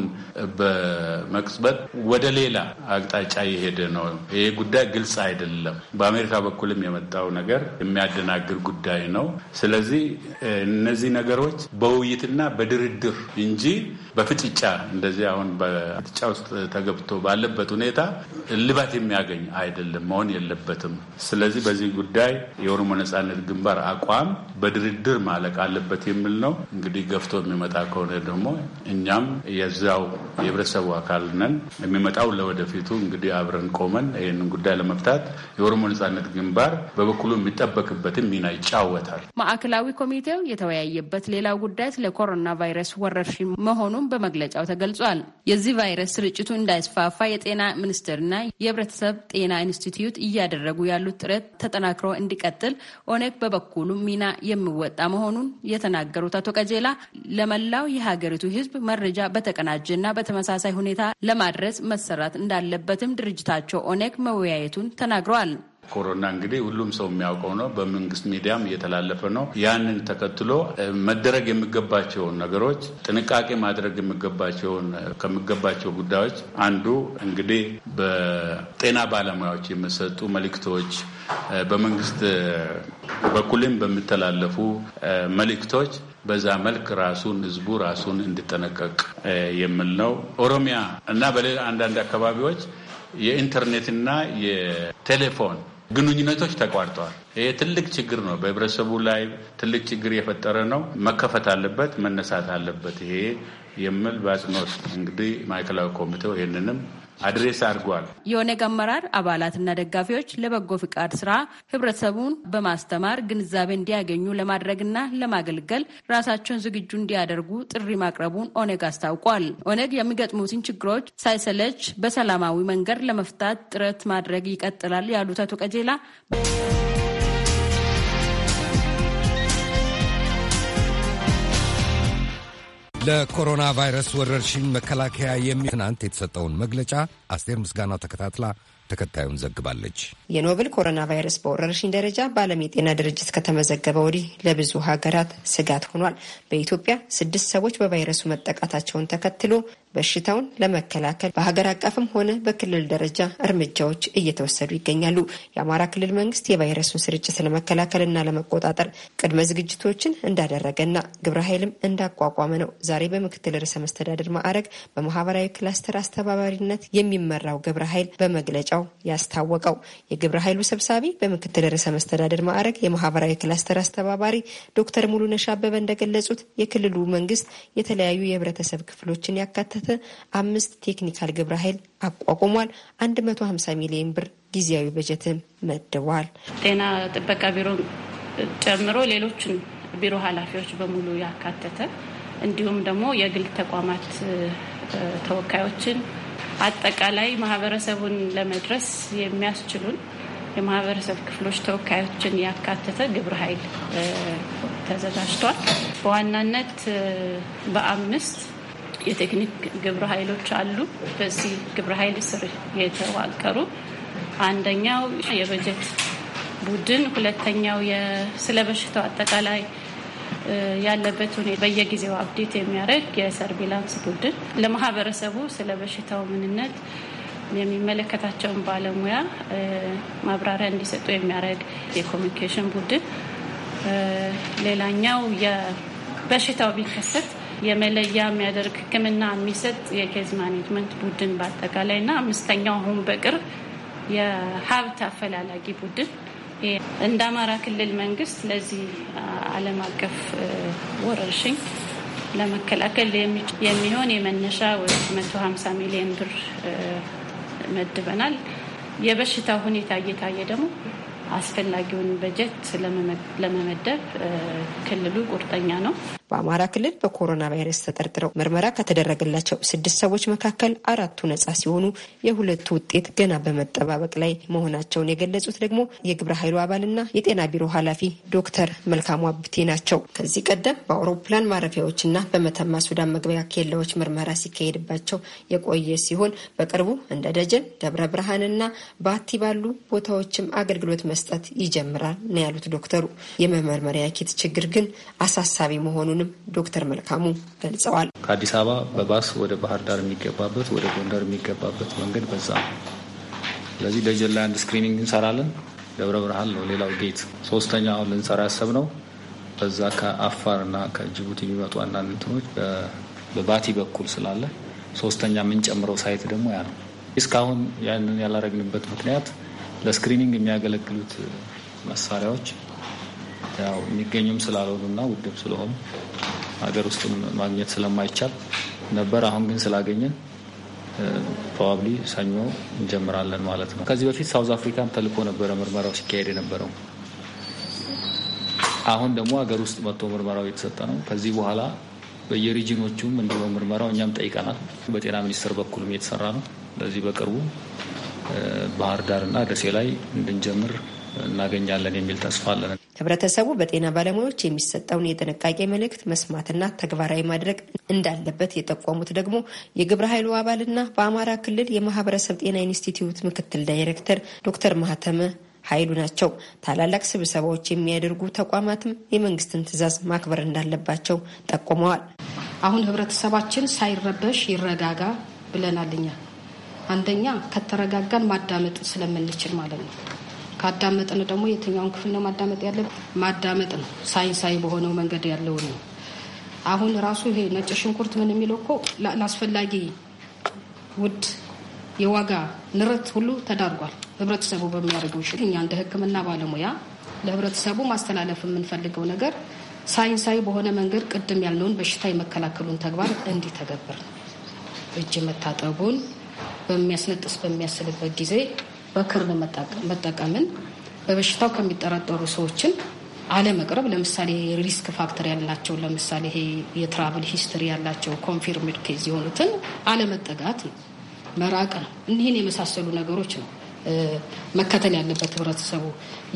በመቅጽበት ወደ ሌላ አቅጣጫ የሄደ ነው። ይህ ጉዳይ ግልጽ አይደለም። በአሜሪካ በኩልም የመጣው ነገር የሚያደናግር ጉዳይ ነው። ስለዚህ እነዚህ ነገሮች በውይይትና በድርድር እንጂ በፍጥጫ እንደዚህ አሁን በፍጥጫ ውስጥ ተገብቶ ባለበት ሁኔታ እልባት የሚያገኝ አይደለም፣ መሆን የለበትም። ስለዚህ በዚህ ጉዳይ የኦሮሞ ነጻነት ግንባር አቋም በድርድር ማለቅ አለበት የሚል ነው። እንግዲህ ገፍቶ የሚመጣ ከሆነ ደግሞ እኛም የዛው የህብረተሰቡ አካል ነን። የሚመጣው ለወደፊቱ እንግዲህ አብረን ቆመን ይህንን ጉዳይ ለመፍታት የኦሮሞ ነጻነት ግንባር በበኩሉ የሚጠበቅበትን ሚና ይጫወታል። ማዕከላዊ ኮሚቴው የተወያየበት ሌላው ጉዳይ ስለ ኮሮና ቫይረስ ወረርሽኝ መሆኑን በመግለጫው ተገልጿል። የዚህ ቫይረስ ስርጭቱ እንዳይስፋፋ የጤና ሚኒስቴርና የህብረተሰብ ጤና ኢንስቲትዩት እያደረጉ ያሉት ጥረት ተጠናክሮ እንዲቀጥል ኦነግ በበኩሉ ሚና የሚወጣ መሆኑን የተናገሩት አቶ ቀጀላ ለመላው የሀገሪቱ ህዝብ መረጃ በተቀናጀና በተመሳሳይ ሁኔታ ለማድረስ መሰራት እንዳለበትም ድርጅታቸው ኦኔግ መወያየቱን ተናግረዋል። ኮሮና እንግዲህ ሁሉም ሰው የሚያውቀው ነው። በመንግስት ሚዲያም እየተላለፈ ነው። ያንን ተከትሎ መደረግ የሚገባቸውን ነገሮች ጥንቃቄ ማድረግ የሚገባቸውን ከሚገባቸው ጉዳዮች አንዱ እንግዲህ በጤና ባለሙያዎች የሚሰጡ መልእክቶች፣ በመንግስት በኩልም በሚተላለፉ መልእክቶች በዛ መልክ ራሱን ህዝቡ ራሱን እንዲጠነቀቅ የሚል ነው። ኦሮሚያ እና በሌላ አንዳንድ አካባቢዎች የኢንተርኔትና የቴሌፎን ግንኙነቶች ተቋርጠዋል። ይሄ ትልቅ ችግር ነው። በህብረተሰቡ ላይ ትልቅ ችግር የፈጠረ ነው። መከፈት አለበት፣ መነሳት አለበት። ይሄ የሚል በአጽንኦት እንግዲህ ማዕከላዊ ኮሚቴው ይህንንም አድሬስ አድርጓል። የኦነግ አመራር አባላትና ደጋፊዎች ለበጎ ፍቃድ ስራ ህብረተሰቡን በማስተማር ግንዛቤ እንዲያገኙ ለማድረግና ለማገልገል ራሳቸውን ዝግጁ እንዲያደርጉ ጥሪ ማቅረቡን ኦነግ አስታውቋል። ኦነግ የሚገጥሙትን ችግሮች ሳይሰለች በሰላማዊ መንገድ ለመፍታት ጥረት ማድረግ ይቀጥላል ያሉት አቶ ቀጀላ ለኮሮና ቫይረስ ወረርሽኝ መከላከያ የሚ ትናንት የተሰጠውን መግለጫ አስቴር ምስጋናው ተከታትላ ተከታዩን ዘግባለች። የኖቨል ኮሮና ቫይረስ በወረርሽኝ ደረጃ በዓለም የጤና ድርጅት ከተመዘገበ ወዲህ ለብዙ ሀገራት ስጋት ሆኗል። በኢትዮጵያ ስድስት ሰዎች በቫይረሱ መጠቃታቸውን ተከትሎ በሽታውን ለመከላከል በሀገር አቀፍም ሆነ በክልል ደረጃ እርምጃዎች እየተወሰዱ ይገኛሉ። የአማራ ክልል መንግስት የቫይረሱን ስርጭት ለመከላከልና ለመቆጣጠር ቅድመ ዝግጅቶችን እንዳደረገና ግብረ ኃይልም እንዳቋቋመ ነው ዛሬ በምክትል ርዕሰ መስተዳድር ማዕረግ በማህበራዊ ክላስተር አስተባባሪነት የሚመራው ግብረ ኃይል በመግለጫው ነው ያስታወቀው። የግብረ ኃይሉ ሰብሳቢ በምክትል ርዕሰ መስተዳደር ማዕረግ የማህበራዊ ክላስተር አስተባባሪ ዶክተር ሙሉነሽ አበበ እንደገለጹት የክልሉ መንግስት የተለያዩ የህብረተሰብ ክፍሎችን ያካተተ አምስት ቴክኒካል ግብረ ኃይል አቋቁሟል። 150 ሚሊዮን ብር ጊዜያዊ በጀትም መድቧል። ጤና ጥበቃ ቢሮ ጨምሮ ሌሎችን ቢሮ ኃላፊዎች በሙሉ ያካተተ እንዲሁም ደግሞ የግል ተቋማት ተወካዮችን አጠቃላይ ማህበረሰቡን ለመድረስ የሚያስችሉን የማህበረሰብ ክፍሎች ተወካዮችን ያካተተ ግብረ ኃይል ተዘጋጅቷል። በዋናነት በአምስት የቴክኒክ ግብረ ኃይሎች አሉ። በዚህ ግብረ ኃይል ስር የተዋቀሩ አንደኛው የበጀት ቡድን፣ ሁለተኛው ስለ በሽታው አጠቃላይ ያለበት ሁኔታ በየጊዜው አፕዴት የሚያደርግ የሰርቢላንስ ቡድን ለማህበረሰቡ ስለ በሽታው ምንነት የሚመለከታቸውን ባለሙያ ማብራሪያ እንዲሰጡ የሚያደርግ የኮሚኒኬሽን ቡድን፣ ሌላኛው በሽታው ቢከሰት የመለያ የሚያደርግ ሕክምና የሚሰጥ የኬዝ ማኔጅመንት ቡድን በአጠቃላይ እና አምስተኛው አሁን በቅርብ የሀብት አፈላላጊ ቡድን እንደ አማራ ክልል መንግስት ለዚህ ዓለም አቀፍ ወረርሽኝ ለመከላከል የሚሆን የመነሻ ወደ 150 ሚሊዮን ብር መድበናል። የበሽታው ሁኔታ እየታየ ደግሞ አስፈላጊውን በጀት ለመመደብ ክልሉ ቁርጠኛ ነው። በአማራ ክልል በኮሮና ቫይረስ ተጠርጥረው ምርመራ ከተደረገላቸው ስድስት ሰዎች መካከል አራቱ ነጻ ሲሆኑ የሁለቱ ውጤት ገና በመጠባበቅ ላይ መሆናቸውን የገለጹት ደግሞ የግብረ ኃይሉ አባልና የጤና ቢሮ ኃላፊ ዶክተር መልካሙ አብቴ ናቸው። ከዚህ ቀደም በአውሮፕላን ማረፊያዎችና በመተማ ሱዳን መግቢያ ኬላዎች ምርመራ ሲካሄድባቸው የቆየ ሲሆን በቅርቡ እንደ ደጀን፣ ደብረ ብርሃንና ባቲ ባሉ ቦታዎችም አገልግሎት መስጠት ይጀምራል ነው ያሉት ዶክተሩ የመመርመሪያ ኪት ችግር ግን አሳሳቢ መሆኑን መሆኑንም ዶክተር መልካሙ ገልጸዋል። ከአዲስ አበባ በባስ ወደ ባህር ዳር የሚገባበት ወደ ጎንደር የሚገባበት መንገድ በዛ ነው። ስለዚህ ደጀን ላይ አንድ ስክሪኒንግ እንሰራለን። ደብረ ብርሃን ነው ሌላው ጌት። ሶስተኛ አሁን ልንሰራ ያሰብ ነው። በዛ ከአፋር እና ከጅቡቲ የሚመጡ አንዳንድ እንትኖች በባቲ በኩል ስላለ ሶስተኛ የምንጨምረው ሳይት ደግሞ ያ ነው። እስካሁን ያንን ያላረግንበት ምክንያት ለስክሪኒንግ የሚያገለግሉት መሳሪያዎች ያው የሚገኙም ስላልሆኑና ውድም ስለሆኑ ሀገር ውስጥም ማግኘት ስለማይቻል ነበር። አሁን ግን ስላገኘን ፕሮባብሊ ሰኞ እንጀምራለን ማለት ነው። ከዚህ በፊት ሳውዝ አፍሪካም ተልኮ ነበረ ምርመራው ሲካሄድ የነበረው። አሁን ደግሞ ሀገር ውስጥ መጥቶ ምርመራው የተሰጠ ነው። ከዚህ በኋላ በየሪጅኖቹም እንዲሆን ምርመራው እኛም ጠይቀናል። በጤና ሚኒስቴር በኩልም የተሰራ ነው። ለዚህ በቅርቡ ባህር እና ደሴ ላይ እንድንጀምር እናገኛለን የሚል ተስፋ አለን። ህብረተሰቡ በጤና ባለሙያዎች የሚሰጠውን የጥንቃቄ መልእክት መስማትና ተግባራዊ ማድረግ እንዳለበት የጠቆሙት ደግሞ የግብረ ኃይሉ አባልና በአማራ ክልል የማህበረሰብ ጤና ኢንስቲትዩት ምክትል ዳይሬክተር ዶክተር ማህተመ ኃይሉ ናቸው። ታላላቅ ስብሰባዎች የሚያደርጉ ተቋማትም የመንግስትን ትዕዛዝ ማክበር እንዳለባቸው ጠቁመዋል። አሁን ህብረተሰባችን ሳይረበሽ ይረጋጋ ብለናልኛ። አንደኛ ከተረጋጋን ማዳመጥ ስለምንችል ማለት ነው ካዳመጥን ደግሞ የትኛውን ክፍል ነው ማዳመጥ ያለብን? ማዳመጥ ነው። ሳይንሳዊ በሆነው መንገድ ያለውን ነው። አሁን ራሱ ይሄ ነጭ ሽንኩርት ምን የሚለው እኮ ለአስፈላጊ ውድ የዋጋ ንረት ሁሉ ተዳርጓል። ህብረተሰቡ በሚያደርገው ሽል እኛ እንደ ህክምና ባለሙያ ለህብረተሰቡ ማስተላለፍ የምንፈልገው ነገር ሳይንሳዊ በሆነ መንገድ ቅድም ያልነውን በሽታ የመከላከሉን ተግባር እንዲተገብር ነው። እጅ መታጠቡን በሚያስነጥስ በሚያስልበት ጊዜ በክር መጠቀምን፣ በበሽታው ከሚጠረጠሩ ሰዎችን አለመቅረብ። ለምሳሌ ሪስክ ፋክተር ያላቸው ለምሳሌ ይሄ የትራቭል ሂስትሪ ያላቸው ኮንፊርምድ ኬዝ የሆኑትን አለመጠጋት ነው፣ መራቅ ነው። እኒህን የመሳሰሉ ነገሮች ነው መከተል ያለበት ህብረተሰቡ።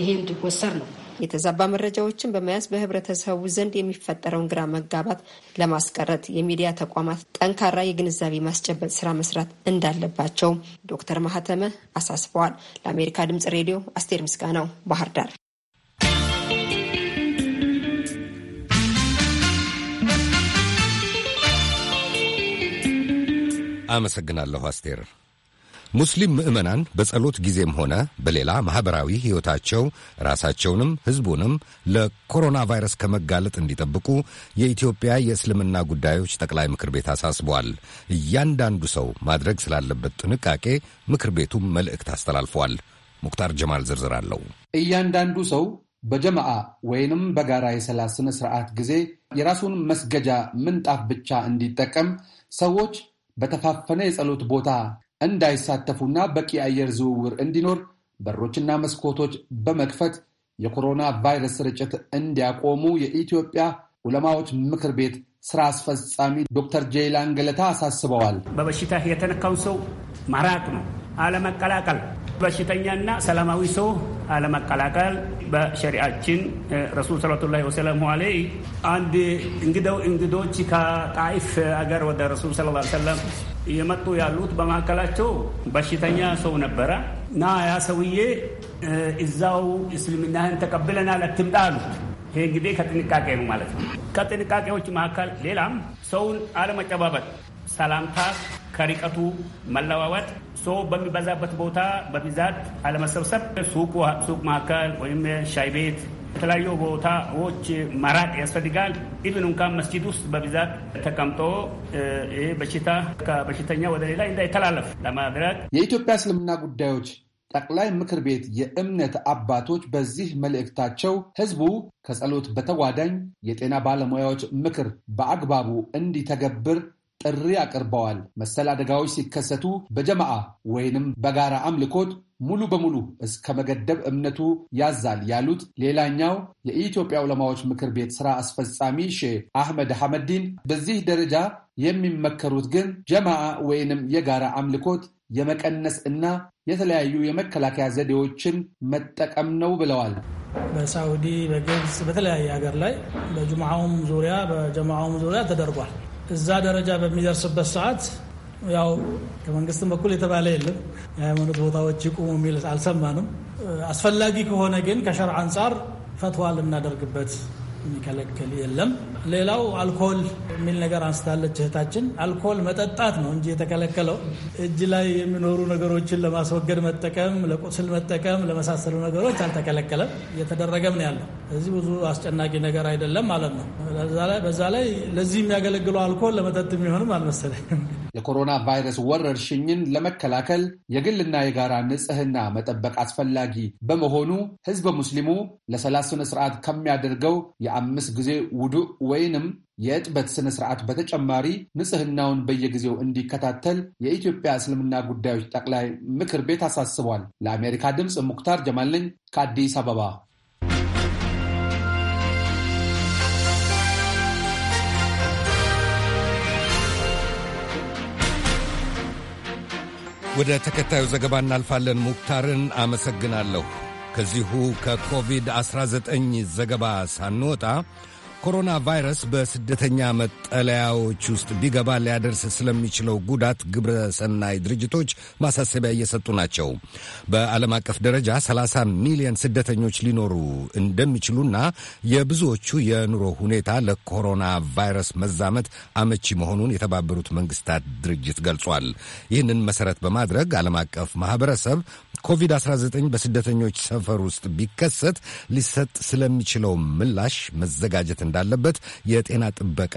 ይሄ እንዲወሰድ ነው የተዛባ መረጃዎችን በመያዝ በህብረተሰቡ ዘንድ የሚፈጠረውን ግራ መጋባት ለማስቀረት የሚዲያ ተቋማት ጠንካራ የግንዛቤ ማስጨበጥ ስራ መስራት እንዳለባቸው ዶክተር ማህተመ አሳስበዋል። ለአሜሪካ ድምጽ ሬዲዮ አስቴር ምስጋናው ባህር ዳር። አመሰግናለሁ አስቴር። ሙስሊም ምዕመናን በጸሎት ጊዜም ሆነ በሌላ ማኅበራዊ ሕይወታቸው ራሳቸውንም ሕዝቡንም ለኮሮና ቫይረስ ከመጋለጥ እንዲጠብቁ የኢትዮጵያ የእስልምና ጉዳዮች ጠቅላይ ምክር ቤት አሳስቧል። እያንዳንዱ ሰው ማድረግ ስላለበት ጥንቃቄ ምክር ቤቱም መልእክት አስተላልፏል። ሙክታር ጀማል ዝርዝር አለው። እያንዳንዱ ሰው በጀማዓ ወይንም በጋራ የሰላት ስነ ስርዓት ጊዜ የራሱን መስገጃ ምንጣፍ ብቻ እንዲጠቀም ሰዎች በተፋፈነ የጸሎት ቦታ እንዳይሳተፉና በቂ የአየር ዝውውር እንዲኖር በሮችና መስኮቶች በመክፈት የኮሮና ቫይረስ ስርጭት እንዲያቆሙ የኢትዮጵያ ዑለማዎች ምክር ቤት ስራ አስፈጻሚ ዶክተር ጄይላን ገለታ አሳስበዋል። በበሽታ የተነካውን ሰው ማራቅ ነው፣ አለመቀላቀል። በሽተኛና ሰላማዊ ሰው አለመቀላቀል በሸሪአችን ረሱል ሰለላሁ ወሰለሙ አለይ አንድ እንግደው እንግዶች ከጣይፍ አገር ወደ ረሱል ሰለላሁ ዐለይሂ ወሰለም የመጡ ያሉት በመካከላቸው በሽተኛ ሰው ነበረ እና ያ ሰውዬ እዛው እስልምናህን ተቀብለናል አትምጣ አሉት። ይህ እንግዲህ ከጥንቃቄ ነው ማለት ነው። ከጥንቃቄዎች መካከል ሌላም ሰውን አለመጨባበጥ፣ ሰላምታ ከርቀቱ መለዋወጥ ሰው በሚበዛበት ቦታ በብዛት አለመሰብሰብ፣ ሱቅ መካከል ወይም ሻይ ቤት የተለያዩ ቦታዎች መራቅ ያስፈልጋል። ኢብን እንኳን መስጂድ ውስጥ በብዛት ተቀምጦ ይህ በሽታ ከበሽተኛ ወደ ሌላ እንዳይተላለፍ ለማድረግ የኢትዮጵያ እስልምና ጉዳዮች ጠቅላይ ምክር ቤት የእምነት አባቶች በዚህ መልእክታቸው ህዝቡ ከጸሎት በተጓዳኝ የጤና ባለሙያዎች ምክር በአግባቡ እንዲተገብር ጥሪ አቅርበዋል። መሰል አደጋዎች ሲከሰቱ በጀማዓ ወይንም በጋራ አምልኮት ሙሉ በሙሉ እስከ መገደብ እምነቱ ያዛል ያሉት ሌላኛው የኢትዮጵያ ዑለማዎች ምክር ቤት ስራ አስፈጻሚ ሼህ አህመድ ሐመዲን በዚህ ደረጃ የሚመከሩት ግን ጀማዓ ወይንም የጋራ አምልኮት የመቀነስ እና የተለያዩ የመከላከያ ዘዴዎችን መጠቀም ነው ብለዋል። በሳዑዲ፣ በግብፅ፣ በተለያየ ሀገር ላይ በጁምዓውም ዙሪያ በጀማዓውም ዙሪያ ተደርጓል። እዛ ደረጃ በሚደርስበት ሰዓት ያው ከመንግስትም በኩል የተባለ የለም የሃይማኖት ቦታዎች ይቁሙ የሚል አልሰማንም። አስፈላጊ ከሆነ ግን ከሸርዓ አንጻር ፈትዋ ልናደርግበት የሚከለክል የለም። ሌላው አልኮል የሚል ነገር አንስታለች እህታችን። አልኮል መጠጣት ነው እንጂ የተከለከለው እጅ ላይ የሚኖሩ ነገሮችን ለማስወገድ መጠቀም፣ ለቁስል መጠቀም፣ ለመሳሰሉ ነገሮች አልተከለከለም። እየተደረገም ነው ያለው። እዚህ ብዙ አስጨናቂ ነገር አይደለም ማለት ነው። በዛ ላይ ለዚህ የሚያገለግለው አልኮል ለመጠጥ የሚሆንም አልመሰለኝም። የኮሮና ቫይረስ ወረርሽኝን ለመከላከል የግልና የጋራ ንጽህና መጠበቅ አስፈላጊ በመሆኑ ህዝበ ሙስሊሙ ለሰላት ስነ ስርዓት ከሚያደርገው የአምስት ጊዜ ውዱእ ወይንም የእጥበት ስነ ስርዓት በተጨማሪ ንጽህናውን በየጊዜው እንዲከታተል የኢትዮጵያ እስልምና ጉዳዮች ጠቅላይ ምክር ቤት አሳስቧል። ለአሜሪካ ድምፅ ሙክታር ጀማል ነኝ ከአዲስ አበባ። ወደ ተከታዩ ዘገባ እናልፋለን። ሙክታርን አመሰግናለሁ። ከዚሁ ከኮቪድ-19 ዘገባ ሳንወጣ የኮሮና ቫይረስ በስደተኛ መጠለያዎች ውስጥ ቢገባ ሊያደርስ ስለሚችለው ጉዳት ግብረ ሰናይ ድርጅቶች ማሳሰቢያ እየሰጡ ናቸው። በዓለም አቀፍ ደረጃ 30 ሚሊዮን ስደተኞች ሊኖሩ እንደሚችሉና የብዙዎቹ የኑሮ ሁኔታ ለኮሮና ቫይረስ መዛመት አመቺ መሆኑን የተባበሩት መንግስታት ድርጅት ገልጿል። ይህንን መሰረት በማድረግ ዓለም አቀፍ ማህበረሰብ ኮቪድ-19 በስደተኞች ሰፈር ውስጥ ቢከሰት ሊሰጥ ስለሚችለው ምላሽ መዘጋጀት እንዳለበት የጤና ጥበቃ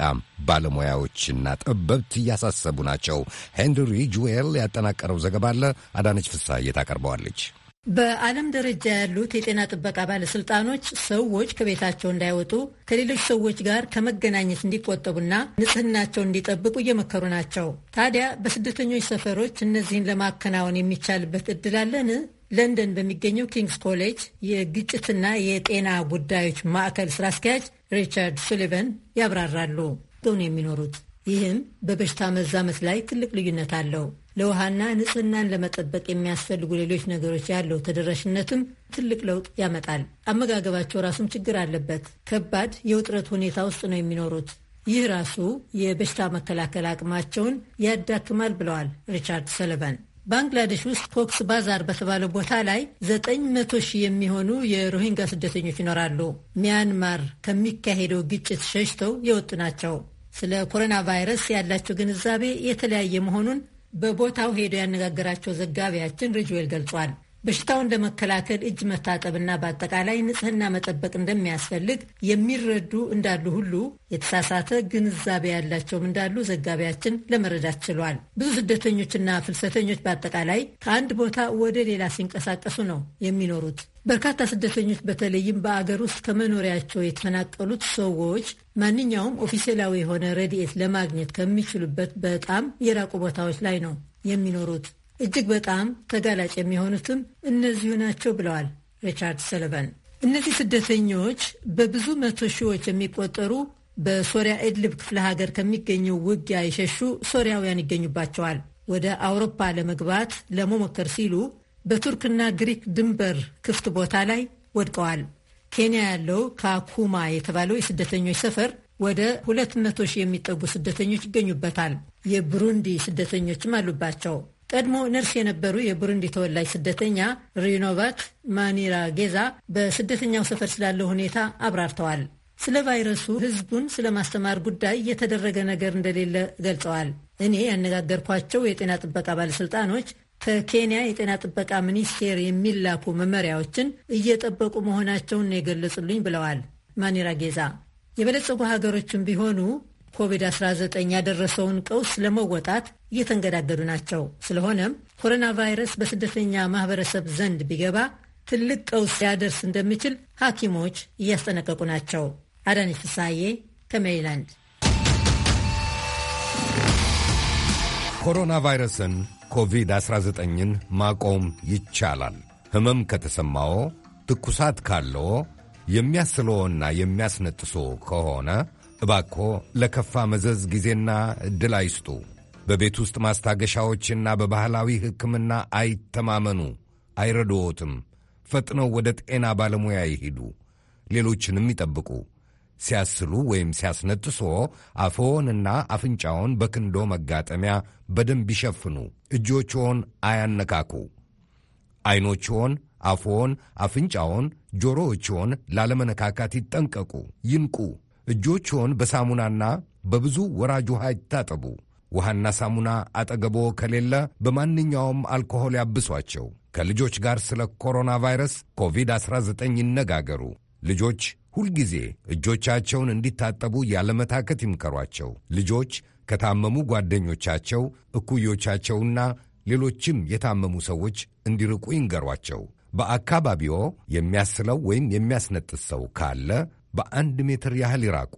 ባለሙያዎችና ጠበብት እያሳሰቡ ናቸው። ሄንሪ ጁዌል ያጠናቀረው ዘገባ አለ። አዳነች ፍስሐ ታቀርበዋለች። በዓለም ደረጃ ያሉት የጤና ጥበቃ ባለስልጣኖች ሰዎች ከቤታቸው እንዳይወጡ ከሌሎች ሰዎች ጋር ከመገናኘት እንዲቆጠቡና ንጽህናቸው እንዲጠብቁ እየመከሩ ናቸው። ታዲያ በስደተኞች ሰፈሮች እነዚህን ለማከናወን የሚቻልበት እድል አለን? ለንደን በሚገኘው ኪንግስ ኮሌጅ የግጭትና የጤና ጉዳዮች ማዕከል ስራ አስኪያጅ ሪቻርድ ሱሊቨን ያብራራሉ። ገውን የሚኖሩት ይህም በበሽታ መዛመት ላይ ትልቅ ልዩነት አለው። ለውሃና ንጽህናን ለመጠበቅ የሚያስፈልጉ ሌሎች ነገሮች ያለው ተደራሽነትም ትልቅ ለውጥ ያመጣል። አመጋገባቸው ራሱም ችግር አለበት። ከባድ የውጥረት ሁኔታ ውስጥ ነው የሚኖሩት። ይህ ራሱ የበሽታ መከላከል አቅማቸውን ያዳክማል ብለዋል ሪቻርድ ሰለቫን። ባንግላዴሽ ውስጥ ኮክስ ባዛር በተባለ ቦታ ላይ ዘጠኝ መቶ ሺህ የሚሆኑ የሮሂንጋ ስደተኞች ይኖራሉ። ሚያንማር ከሚካሄደው ግጭት ሸሽተው የወጡ ናቸው። ስለ ኮሮና ቫይረስ ያላቸው ግንዛቤ የተለያየ መሆኑን በቦታው ሄዶ ያነጋገራቸው ዘጋቢያችን ሪጅዌል ገልጿል። በሽታውን ለመከላከል እጅ መታጠብና በአጠቃላይ ንጽህና መጠበቅ እንደሚያስፈልግ የሚረዱ እንዳሉ ሁሉ የተሳሳተ ግንዛቤ ያላቸውም እንዳሉ ዘጋቢያችን ለመረዳት ችሏል። ብዙ ስደተኞችና ፍልሰተኞች በአጠቃላይ ከአንድ ቦታ ወደ ሌላ ሲንቀሳቀሱ ነው የሚኖሩት። በርካታ ስደተኞች በተለይም በአገር ውስጥ ከመኖሪያቸው የተፈናቀሉት ሰዎች ማንኛውም ኦፊሴላዊ የሆነ ረድኤት ለማግኘት ከሚችሉበት በጣም የራቁ ቦታዎች ላይ ነው የሚኖሩት። እጅግ በጣም ተጋላጭ የሚሆኑትም እነዚሁ ናቸው ብለዋል ሪቻርድ ሰለቨን እነዚህ ስደተኞች በብዙ መቶ ሺዎች የሚቆጠሩ በሶሪያ ኢድሊብ ክፍለ ሀገር ከሚገኘው ውጊያ የሸሹ ሶሪያውያን ይገኙባቸዋል። ወደ አውሮፓ ለመግባት ለመሞከር ሲሉ በቱርክና ግሪክ ድንበር ክፍት ቦታ ላይ ወድቀዋል። ኬንያ ያለው ካኩማ የተባለው የስደተኞች ሰፈር ወደ 200 ሺህ የሚጠጉ ስደተኞች ይገኙበታል። የቡሩንዲ ስደተኞችም አሉባቸው። ቀድሞ ነርስ የነበሩ የቡሩንዲ ተወላጅ ስደተኛ ሪኖቫት ማኒራ ጌዛ በስደተኛው ሰፈር ስላለው ሁኔታ አብራርተዋል። ስለ ቫይረሱ ህዝቡን ስለ ማስተማር ጉዳይ የተደረገ ነገር እንደሌለ ገልጸዋል። እኔ ያነጋገርኳቸው የጤና ጥበቃ ባለስልጣኖች ከኬንያ የጤና ጥበቃ ሚኒስቴር የሚላኩ መመሪያዎችን እየጠበቁ መሆናቸውን የገለጹልኝ ብለዋል ማኒራ ጌዛ የበለጸጉ ሀገሮችም ቢሆኑ ኮቪድ-19 ያደረሰውን ቀውስ ለመወጣት እየተንገዳገዱ ናቸው። ስለሆነም ኮሮና ቫይረስ በስደተኛ ማህበረሰብ ዘንድ ቢገባ ትልቅ ቀውስ ሊያደርስ እንደሚችል ሐኪሞች እያስጠነቀቁ ናቸው። አዳነች ፍሳዬ ከሜሪላንድ ኮሮና ቫይረስን ኮቪድ-19ን ማቆም ይቻላል። ህመም ከተሰማዎ፣ ትኩሳት ካለዎ፣ የሚያስለዎና የሚያስነጥሶ ከሆነ እባኮ ለከፋ መዘዝ ጊዜና ዕድል አይስጡ። በቤት ውስጥ ማስታገሻዎችና በባህላዊ ሕክምና አይተማመኑ፣ አይረድዎትም። ፈጥነው ወደ ጤና ባለሙያ ይሂዱ። ሌሎችንም ይጠብቁ። ሲያስሉ ወይም ሲያስነጥሶ አፍዎንና አፍንጫውን በክንዶ መጋጠሚያ በደንብ ይሸፍኑ። እጆችዎን አያነካኩ። ዐይኖችዎን፣ አፍዎን፣ አፍንጫውን፣ ጆሮዎችዎን ላለመነካካት ይጠንቀቁ። ይንቁ። እጆችዎን በሳሙናና በብዙ ወራጅ ውሃ ይታጠቡ። ውሃና ሳሙና አጠገቦ ከሌለ በማንኛውም አልኮሆል ያብሷቸው። ከልጆች ጋር ስለ ኮሮና ቫይረስ ኮቪድ-19 ይነጋገሩ። ልጆች ሁልጊዜ እጆቻቸውን እንዲታጠቡ ያለመታከት ይምከሯቸው። ልጆች ከታመሙ ጓደኞቻቸው፣ እኩዮቻቸውና ሌሎችም የታመሙ ሰዎች እንዲርቁ ይንገሯቸው። በአካባቢዎ የሚያስለው ወይም የሚያስነጥስ ሰው ካለ በአንድ ሜትር ያህል ይራቁ።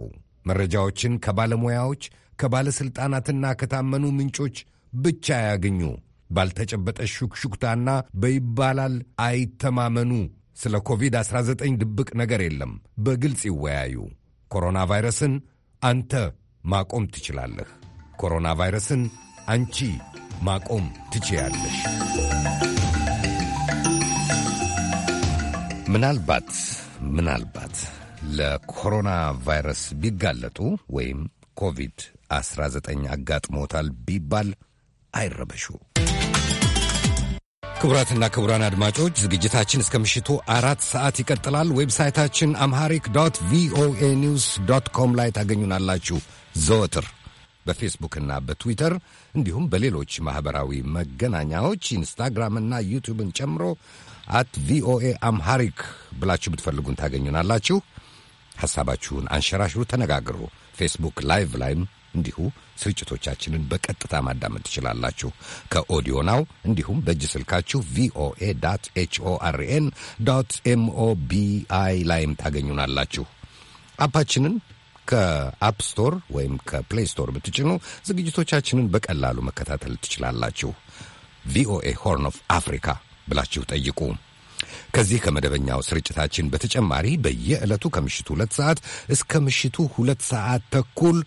መረጃዎችን ከባለሙያዎች ከባለሥልጣናትና ከታመኑ ምንጮች ብቻ ያገኙ። ባልተጨበጠ ሹክሹክታና በይባላል አይተማመኑ። ስለ ኮቪድ-19 ድብቅ ነገር የለም። በግልጽ ይወያዩ። ኮሮና ቫይረስን አንተ ማቆም ትችላለህ። ኮሮና ቫይረስን አንቺ ማቆም ትችያለሽ። ምናልባት ምናልባት ለኮሮና ቫይረስ ቢጋለጡ ወይም ኮቪድ-19 አጋጥሞታል ቢባል አይረበሹ። ክቡራትና ክቡራን አድማጮች ዝግጅታችን እስከ ምሽቱ አራት ሰዓት ይቀጥላል። ዌብሳይታችን አምሃሪክ ዶት ቪኦኤ ኒውስ ዶት ኮም ላይ ታገኙናላችሁ። ዘወትር በፌስቡክና በትዊተር እንዲሁም በሌሎች ማኅበራዊ መገናኛዎች ኢንስታግራምና ዩቲዩብን ጨምሮ አት ቪኦኤ አምሃሪክ ብላችሁ ብትፈልጉን ታገኙናላችሁ። ሐሳባችሁን አንሸራሽሩ፣ ተነጋግሩ። ፌስቡክ ላይቭ ላይም እንዲሁ ስርጭቶቻችንን በቀጥታ ማዳመጥ ትችላላችሁ። ከኦዲዮ ናው እንዲሁም በእጅ ስልካችሁ ቪኦኤ ዶት ኤችኦአርኤን ዶት ኤምኦቢአይ ላይም ታገኙናላችሁ። አፓችንን ከአፕ ስቶር ወይም ከፕሌይ ስቶር ብትጭኑ ዝግጅቶቻችንን በቀላሉ መከታተል ትችላላችሁ። ቪኦኤ ሆርን ኦፍ አፍሪካ ብላችሁ ጠይቁ። ከዚህ ከመደበኛው ስርጭታችን በተጨማሪ በየዕለቱ ከምሽቱ ሁለት ሰዓት እስከ ምሽቱ ሁለት ሰዓት ተኩል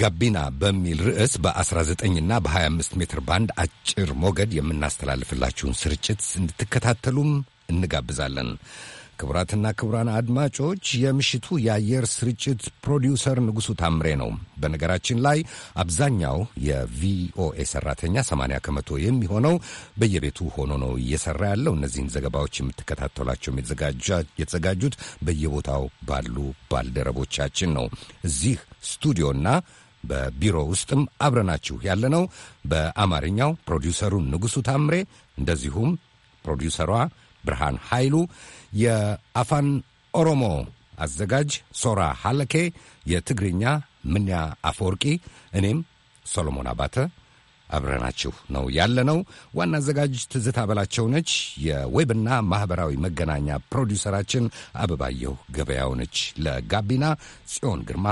ጋቢና በሚል ርዕስ በ19ና በ25 ሜትር ባንድ አጭር ሞገድ የምናስተላልፍላችሁን ስርጭት እንድትከታተሉም እንጋብዛለን። ክቡራትና ክቡራን አድማጮች የምሽቱ የአየር ስርጭት ፕሮዲውሰር ንጉሡ ታምሬ ነው። በነገራችን ላይ አብዛኛው የቪኦኤ ሰራተኛ 80 ከመቶ የሚሆነው በየቤቱ ሆኖ ነው እየሰራ ያለው። እነዚህን ዘገባዎች የምትከታተሏቸው የተዘጋጁት በየቦታው ባሉ ባልደረቦቻችን ነው። እዚህ ስቱዲዮና በቢሮ ውስጥም አብረናችሁ ያለነው በአማርኛው ፕሮዲውሰሩ ንጉሡ ታምሬ እንደዚሁም ፕሮዲውሰሯ ብርሃን ኃይሉ የአፋን ኦሮሞ አዘጋጅ ሶራ ሐለኬ፣ የትግርኛ ምንያ አፈወርቂ፣ እኔም ሶሎሞን አባተ አብረናችሁ ነው ያለነው። ዋና አዘጋጅ ትዝታ በላቸው ነች። የዌብና ማኅበራዊ መገናኛ ፕሮዲውሰራችን አበባየሁ ገበያው ነች። ለጋቢና ጽዮን ግርማ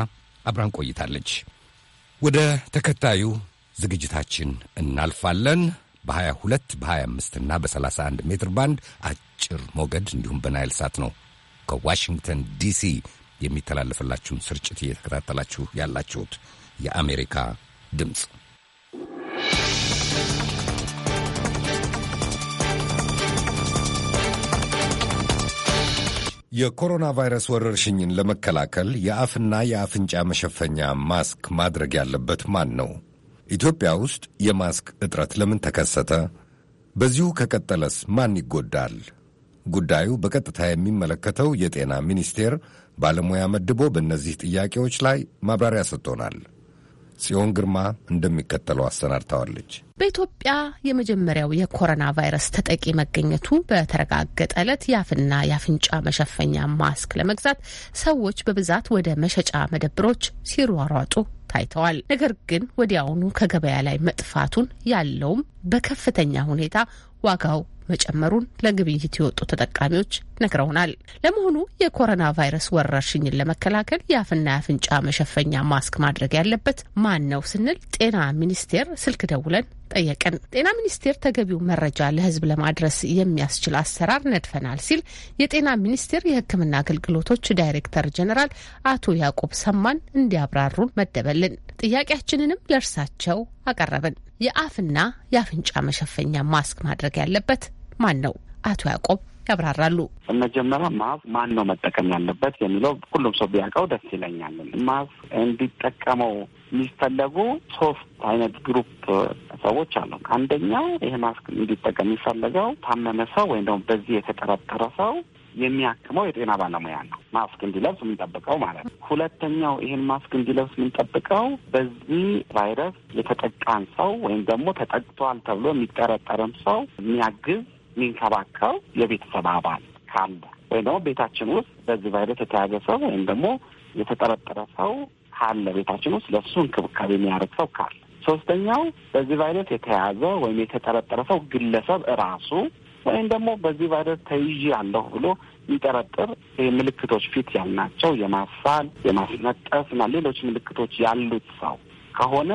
አብራን ቆይታለች። ወደ ተከታዩ ዝግጅታችን እናልፋለን። በ22 በ25 እና በ31 ሜትር ባንድ አጭር ሞገድ እንዲሁም በናይል ሳት ነው ከዋሽንግተን ዲሲ የሚተላለፍላችሁን ስርጭት እየተከታተላችሁ ያላችሁት። የአሜሪካ ድምፅ የኮሮና ቫይረስ ወረርሽኝን ለመከላከል የአፍና የአፍንጫ መሸፈኛ ማስክ ማድረግ ያለበት ማን ነው? ኢትዮጵያ ውስጥ የማስክ እጥረት ለምን ተከሰተ? በዚሁ ከቀጠለስ ማን ይጎዳል? ጉዳዩ በቀጥታ የሚመለከተው የጤና ሚኒስቴር ባለሙያ መድቦ በእነዚህ ጥያቄዎች ላይ ማብራሪያ ሰጥቶናል። ጽዮን ግርማ እንደሚከተለው አሰናድተዋለች። በኢትዮጵያ የመጀመሪያው የኮሮና ቫይረስ ተጠቂ መገኘቱ በተረጋገጠ ዕለት የአፍና የአፍንጫ መሸፈኛ ማስክ ለመግዛት ሰዎች በብዛት ወደ መሸጫ መደብሮች ሲሯሯጡ ታይተዋል። ነገር ግን ወዲያውኑ ከገበያ ላይ መጥፋቱን ያለውም በከፍተኛ ሁኔታ ዋጋው መጨመሩን ለግብይት የወጡ ተጠቃሚዎች ነግረውናል። ለመሆኑ የኮሮና ቫይረስ ወረርሽኝን ለመከላከል የአፍና የአፍንጫ መሸፈኛ ማስክ ማድረግ ያለበት ማን ነው ስንል ጤና ሚኒስቴር ስልክ ደውለን ጠየቅን። ጤና ሚኒስቴር ተገቢው መረጃ ለሕዝብ ለማድረስ የሚያስችል አሰራር ነድፈናል ሲል የጤና ሚኒስቴር የሕክምና አገልግሎቶች ዳይሬክተር ጀኔራል አቶ ያዕቆብ ሰማን እንዲያብራሩን መደበልን። ጥያቄያችንንም ለእርሳቸው አቀረብን። የአፍና የአፍንጫ መሸፈኛ ማስክ ማድረግ ያለበት ማን ነው? አቶ ያዕቆብ ያብራራሉ። መጀመሪያ ማፍ ማን ነው መጠቀም ያለበት የሚለው ሁሉም ሰው ቢያውቀው ደስ ይለኛል። ማፍ እንዲጠቀመው የሚፈለጉ ሶስት አይነት ግሩፕ ሰዎች አሉ። አንደኛው ይሄ ማስክ እንዲጠቀም የሚፈለገው ታመመ ሰው ወይም ደግሞ በዚህ የተጠረጠረ ሰው የሚያክመው የጤና ባለሙያ ነው። ማስክ እንዲለብስ የምንጠብቀው ማለት ነው። ሁለተኛው ይህን ማስክ እንዲለብስ የምንጠብቀው በዚህ ቫይረስ የተጠቃን ሰው ወይም ደግሞ ተጠቅቷል ተብሎ የሚጠረጠርም ሰው የሚያግዝ የሚንከባከው የቤተሰብ አባል ካለ ወይም ደግሞ ቤታችን ውስጥ በዚህ ቫይረስ የተያዘ ሰው ወይም ደግሞ የተጠረጠረ ሰው ካለ ቤታችን ውስጥ ለእሱ እንክብካቤ የሚያደርግ ሰው ካለ፣ ሶስተኛው በዚህ ቫይረስ የተያዘ ወይም የተጠረጠረ ሰው ግለሰብ ራሱ ወይም ደግሞ በዚህ ቫይረስ ተይዤ አለሁ ብሎ የሚጠረጥር ምልክቶች ፊት ያልናቸው የማሳል፣ የማስነጠስ እና ሌሎች ምልክቶች ያሉት ሰው ከሆነ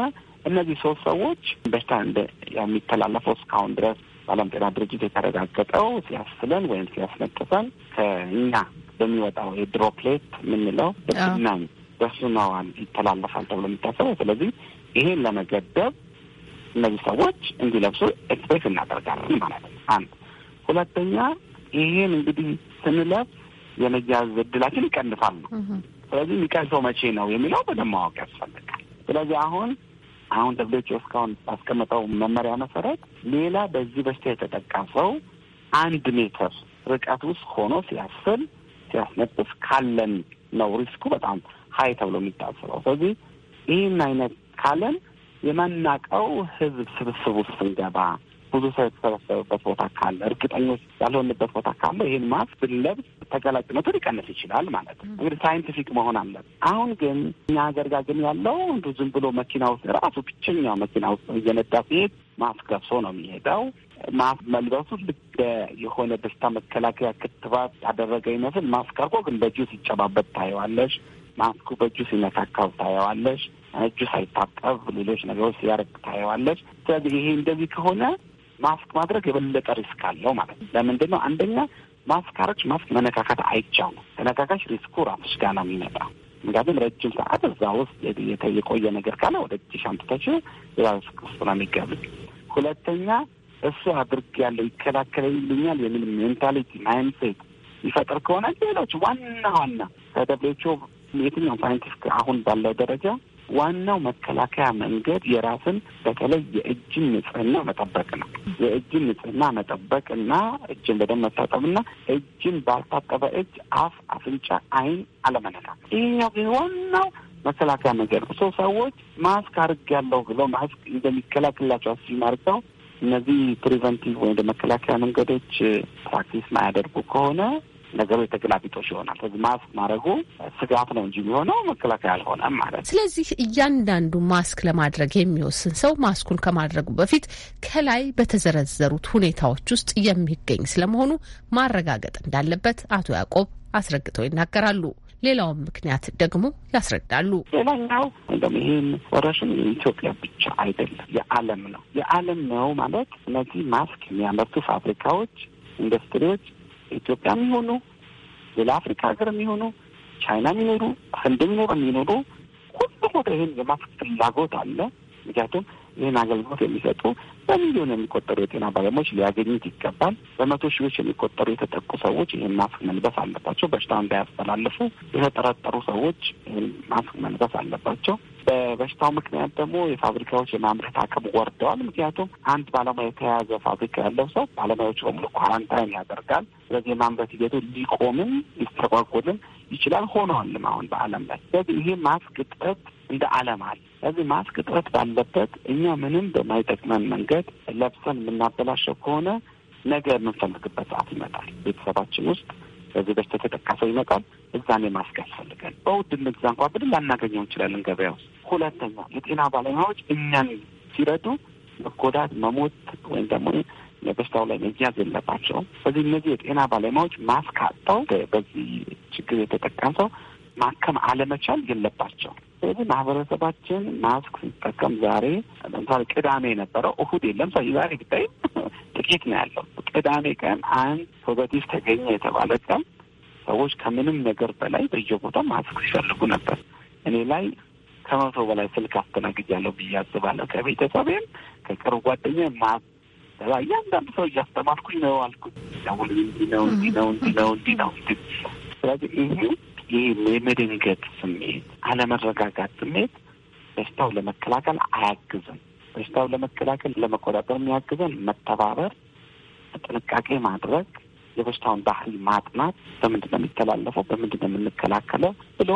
እነዚህ ሶስት ሰዎች በሽታ የሚተላለፈው እስካሁን ድረስ በዓለም ጤና ድርጅት የተረጋገጠው ሲያስለን ወይም ሲያስነጥሰን ከእኛ በሚወጣው የድሮፕሌት የምንለው በስናኝ በስናዋል ይተላለፋል ተብሎ የሚታሰበው። ስለዚህ ይሄን ለመገደብ እነዚህ ሰዎች እንዲለብሱ ኤክስፔክት እናደርጋለን ማለት ነው። አንድ ሁለተኛ፣ ይሄን እንግዲህ ስንለብስ የመያዝ እድላችን ይቀንሳል ነው። ስለዚህ የሚቀንሰው መቼ ነው የሚለው በደንብ ማወቅ ያስፈልጋል። ስለዚህ አሁን አሁን ደብሌች እስካሁን ባስቀመጠው መመሪያ መሰረት ሌላ በዚህ በሽታ ሰው አንድ ሜትር ርቀት ውስጥ ሆኖ ሲያስል ሲያስነጥስ ካለን ነው ሪስኩ በጣም ሀይ ተብሎ የሚታስበው። ስለዚህ ይህን አይነት ካለን የማናቀው ህዝብ ስብስብ ውስጥ ስንገባ ብዙ ሰው የተሰበሰበበት ቦታ ካለ፣ እርግጠኞች ያልሆንበት ቦታ ካለ ይህን ማስክ ብንለብስ ተገላጭነቱ ሊቀንስ ይችላል ማለት ነው። እንግዲህ ሳይንቲፊክ መሆን አለን። አሁን ግን እኛ ሀገር ጋር ግን ያለው እንዱ ዝም ብሎ መኪና ውስጥ ራሱ ብቸኛው መኪና ውስጥ እየነዳ ሲሄድ ማስክ ለብሶ ነው የሚሄደው። ማስክ መልበሱ ልክ የሆነ በሽታ መከላከያ ክትባት ያደረገ ይመስል ማስክ አርጎ ግን በእጁ ሲጨባበት ታየዋለሽ። ማስኩ በእጁ ሲነካካው ታየዋለሽ። እጁ ሳይታጠብ ሌሎች ነገሮች ሲያደርግ ታየዋለች። ስለዚህ ይሄ እንደዚህ ከሆነ ማስክ ማድረግ የበለጠ ሪስክ አለው ማለት ነው። ለምንድን ነው? አንደኛ ማስክ አረች ማስክ መነካካት አይቻው ነው። ተነካካሽ ሪስኩ ራስሽ ጋር ነው የሚመጣ። ምክንያቱም ረጅም ሰዓት እዛ ውስጥ የቆየ ነገር ካለ ወደ እጅሽ አምጥተሽው የራስ ውስጥ ነው የሚገብል። ሁለተኛ እሱ አድርግ ያለው ይከላከልልኛል የሚል ሜንታሊቲ ማይንሴት ይፈጠር ከሆነ ሌሎች ዋና ዋና ከደብሌቾ የትኛውም ሳይንቲስት አሁን ባለው ደረጃ ዋናው መከላከያ መንገድ የራስን በተለይ የእጅን ንጽህና መጠበቅ ነው። የእጅን ንጽህና መጠበቅ እና እጅን በደንብ መታጠብ መታጠብና እጅን ባልታጠበ እጅ አፍ፣ አፍንጫ፣ አይን አለመነካት። ይህኛው ዋናው መከላከያ መንገድ ሰው ሰዎች ማስክ አርግ ያለው ብለው ማስክ እንደሚከላከልላቸው አስማርተው እነዚህ ፕሪቨንቲቭ ወይም መከላከያ መንገዶች ፕራክቲስ ማያደርጉ ከሆነ ነገሩ ተገላቢጦሽ ይሆናል። ስለዚህ ማስክ ማድረጉ ስጋት ነው እንጂ የሚሆነው መከላከያ አልሆነም ማለት ነው። ስለዚህ እያንዳንዱ ማስክ ለማድረግ የሚወስን ሰው ማስኩን ከማድረጉ በፊት ከላይ በተዘረዘሩት ሁኔታዎች ውስጥ የሚገኝ ስለመሆኑ ማረጋገጥ እንዳለበት አቶ ያዕቆብ አስረግጠው ይናገራሉ። ሌላውን ምክንያት ደግሞ ያስረዳሉ። ሌላኛው እንደውም ይህን ወረርሽኝ የኢትዮጵያ ብቻ አይደለም፣ የዓለም ነው። የዓለም ነው ማለት እነዚህ ማስክ የሚያመርቱ ፋብሪካዎች ኢንዱስትሪዎች ኢትዮጵያ የሚሆኑ ሌላ አፍሪካ ሀገር የሚሆኑ ቻይና የሚኖሩ ህንድ የሚኖሩ የሚኖሩ ሁሉ ወደ ይህን የማፍቅ ፍላጎት አለ። ምክንያቱም ይህን አገልግሎት የሚሰጡ በሚሊዮን የሚቆጠሩ የጤና ባለሙያዎች ሊያገኙት ይገባል። በመቶ ሺዎች የሚቆጠሩ የተጠቁ ሰዎች ይህን ማስክ መልበስ አለባቸው። በሽታ እንዳያስተላልፉ የተጠረጠሩ ሰዎች ይህን ማስክ መልበስ አለባቸው። በበሽታው ምክንያት ደግሞ የፋብሪካዎች የማምረት አቅም ወርደዋል። ምክንያቱም አንድ ባለሙያ የተያዘ ፋብሪካ ያለው ሰው ባለሙያዎች በሙሉ ኳራንታይን ያደርጋል። ስለዚህ የማምረት ሂደቱ ሊቆምም ሊስተጓጎልም ይችላል። ሆነዋልም አሁን በዓለም ላይ ስለዚህ ይሄ ማስክ እጥረት እንደ ዓለም አለ። ስለዚህ ማስክ እጥረት ባለበት እኛ ምንም በማይጠቅመን መንገድ ለብሰን የምናበላሸው ከሆነ ነገ የምንፈልግበት ሰዓት ይመጣል ቤተሰባችን ውስጥ በዚህ በሽ ተጠቃሰው ይመጣል። እዛኔ የማስቀል ፈልገን በውድ ልግዛ እንኳ ብድን ላናገኘው እንችላለን ገበያ ውስጥ። ሁለተኛ የጤና ባለሙያዎች እኛን ሲረዱ መጎዳት፣ መሞት ወይም ደግሞ በሽታው ላይ መያዝ የለባቸውም። ስለዚህ እነዚህ የጤና ባለሙያዎች ማስካጠው በዚህ ችግር የተጠቃሰው ማከም አለመቻል የለባቸው። ስለዚህ ማህበረሰባችን ማስክ ሲጠቀም ዛሬ ለምሳሌ ቅዳሜ የነበረው እሁድ የለም። ዛሬ ጉዳይ (laughs) ጥቂት ነው ያለው ቅዳሜ ቀን አንድ ፖዘቲቭ ተገኘ የተባለ ቀን ሰዎች ከምንም ነገር በላይ በየቦታው ማስክ ሲፈልጉ ነበር። እኔ ላይ ከመቶ በላይ ስልክ አስተናግጃለሁ ብዬ አስባለሁ። ከቤተሰብም ከቅርብ ጓደኛ ማበላ እያንዳንዱ ሰው እያስተማርኩኝ ነው አልኩኝ። ደውል እንዲህ ነው እንዲህ ነው እንዲህ ነው እንዲህ ነው። ስለዚህ ይሄ ይህ የመደንገጥ ስሜት፣ አለመረጋጋት ስሜት በሽታው ለመከላከል አያግዝም። በሽታው ለመከላከል ለመቆጣጠር የሚያግዘን መተባበር ውስጥ ጥንቃቄ ማድረግ የበሽታውን ባህል ማጥናት፣ በምንድን ነው የሚተላለፈው፣ በምንድን ነው የምንከላከለው ብሎ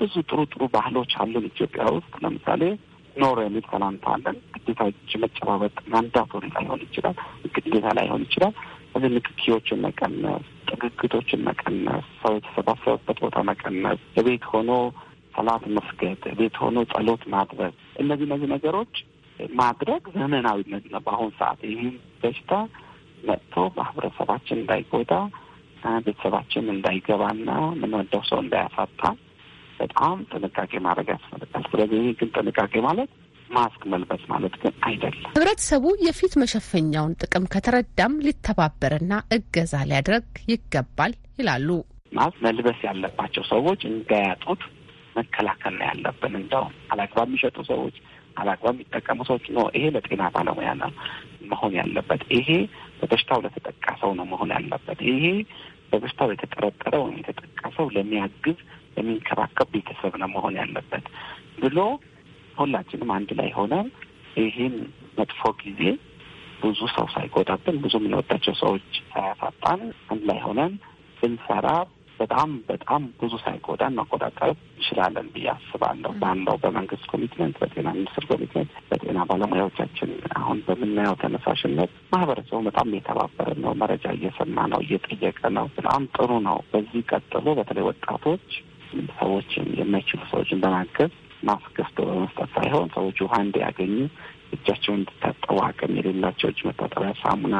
ብዙ ጥሩ ጥሩ ባህሎች አሉን ኢትዮጵያ ውስጥ። ለምሳሌ ኖሮ የሚል ሰላምታ አለን። ግዴታ እጅ መጨባበጥ ማንዳቶሪ ላይሆን ይችላል፣ ግዴታ ላይሆን ይችላል። እዚ ንክኪዎችን መቀነስ፣ ጥግግቶችን መቀነስ፣ ሰው የተሰባሰበበት ቦታ መቀነስ፣ የቤት ሆኖ ሰላት መስገድ፣ የቤት ሆኖ ጸሎት ማድረግ፣ እነዚህ እነዚህ ነገሮች ማድረግ ዘመናዊነት ነው። በአሁን ሰዓት ይህም በሽታ መጥቶ ማህበረሰባችን እንዳይጎዳ ቤተሰባችን እንዳይገባና የምንወደው ሰው እንዳያሳጣ በጣም ጥንቃቄ ማድረግ ያስፈልጋል። ስለዚህ ግን ጥንቃቄ ማለት ማስክ መልበስ ማለት ግን አይደለም። ህብረተሰቡ የፊት መሸፈኛውን ጥቅም ከተረዳም ሊተባበርና እገዛ ሊያደርግ ይገባል ይላሉ። ማስክ መልበስ ያለባቸው ሰዎች እንዳያጡት መከላከል ነው ያለብን። እንደውም አላግባብ የሚሸጡ ሰዎች አላግባብ የሚጠቀሙ ሰዎች ነው። ይሄ ለጤና ባለሙያ ነው መሆን ያለበት። ይሄ በበሽታው ለተጠቃ ሰው ነው መሆን ያለበት። ይሄ በበሽታው የተጠረጠረ ወይም የተጠቃ ሰው ለሚያግዝ የሚንከባከብ ቤተሰብ ነው መሆን ያለበት ብሎ ሁላችንም አንድ ላይ ሆነን ይህን መጥፎ ጊዜ ብዙ ሰው ሳይጎዳብን ብዙ የምንወዳቸው ሰዎች ሳያሳጣን አንድ ላይ ሆነን ብንሰራ በጣም በጣም ብዙ ሳይጎዳን መቆጣጠር እንችላለን ብዬ አስባለሁ። ባለው በመንግስት ኮሚትመንት፣ በጤና ሚኒስትር ኮሚትመንት፣ በጤና ባለሙያዎቻችን አሁን በምናየው ተነሳሽነት ማህበረሰቡ በጣም የተባበረ ነው። መረጃ እየሰማ ነው፣ እየጠየቀ ነው። በጣም ጥሩ ነው። በዚህ ቀጥሎ በተለይ ወጣቶች ሰዎችን የማይችሉ ሰዎችን በማገዝ ማስክ በመስጠት ሳይሆን ሰዎች ውሃ እንዲያገኙ እጃቸውን እንዲታጠቡ አቅም የሌላቸው እጅ መታጠቢያ ሳሙና፣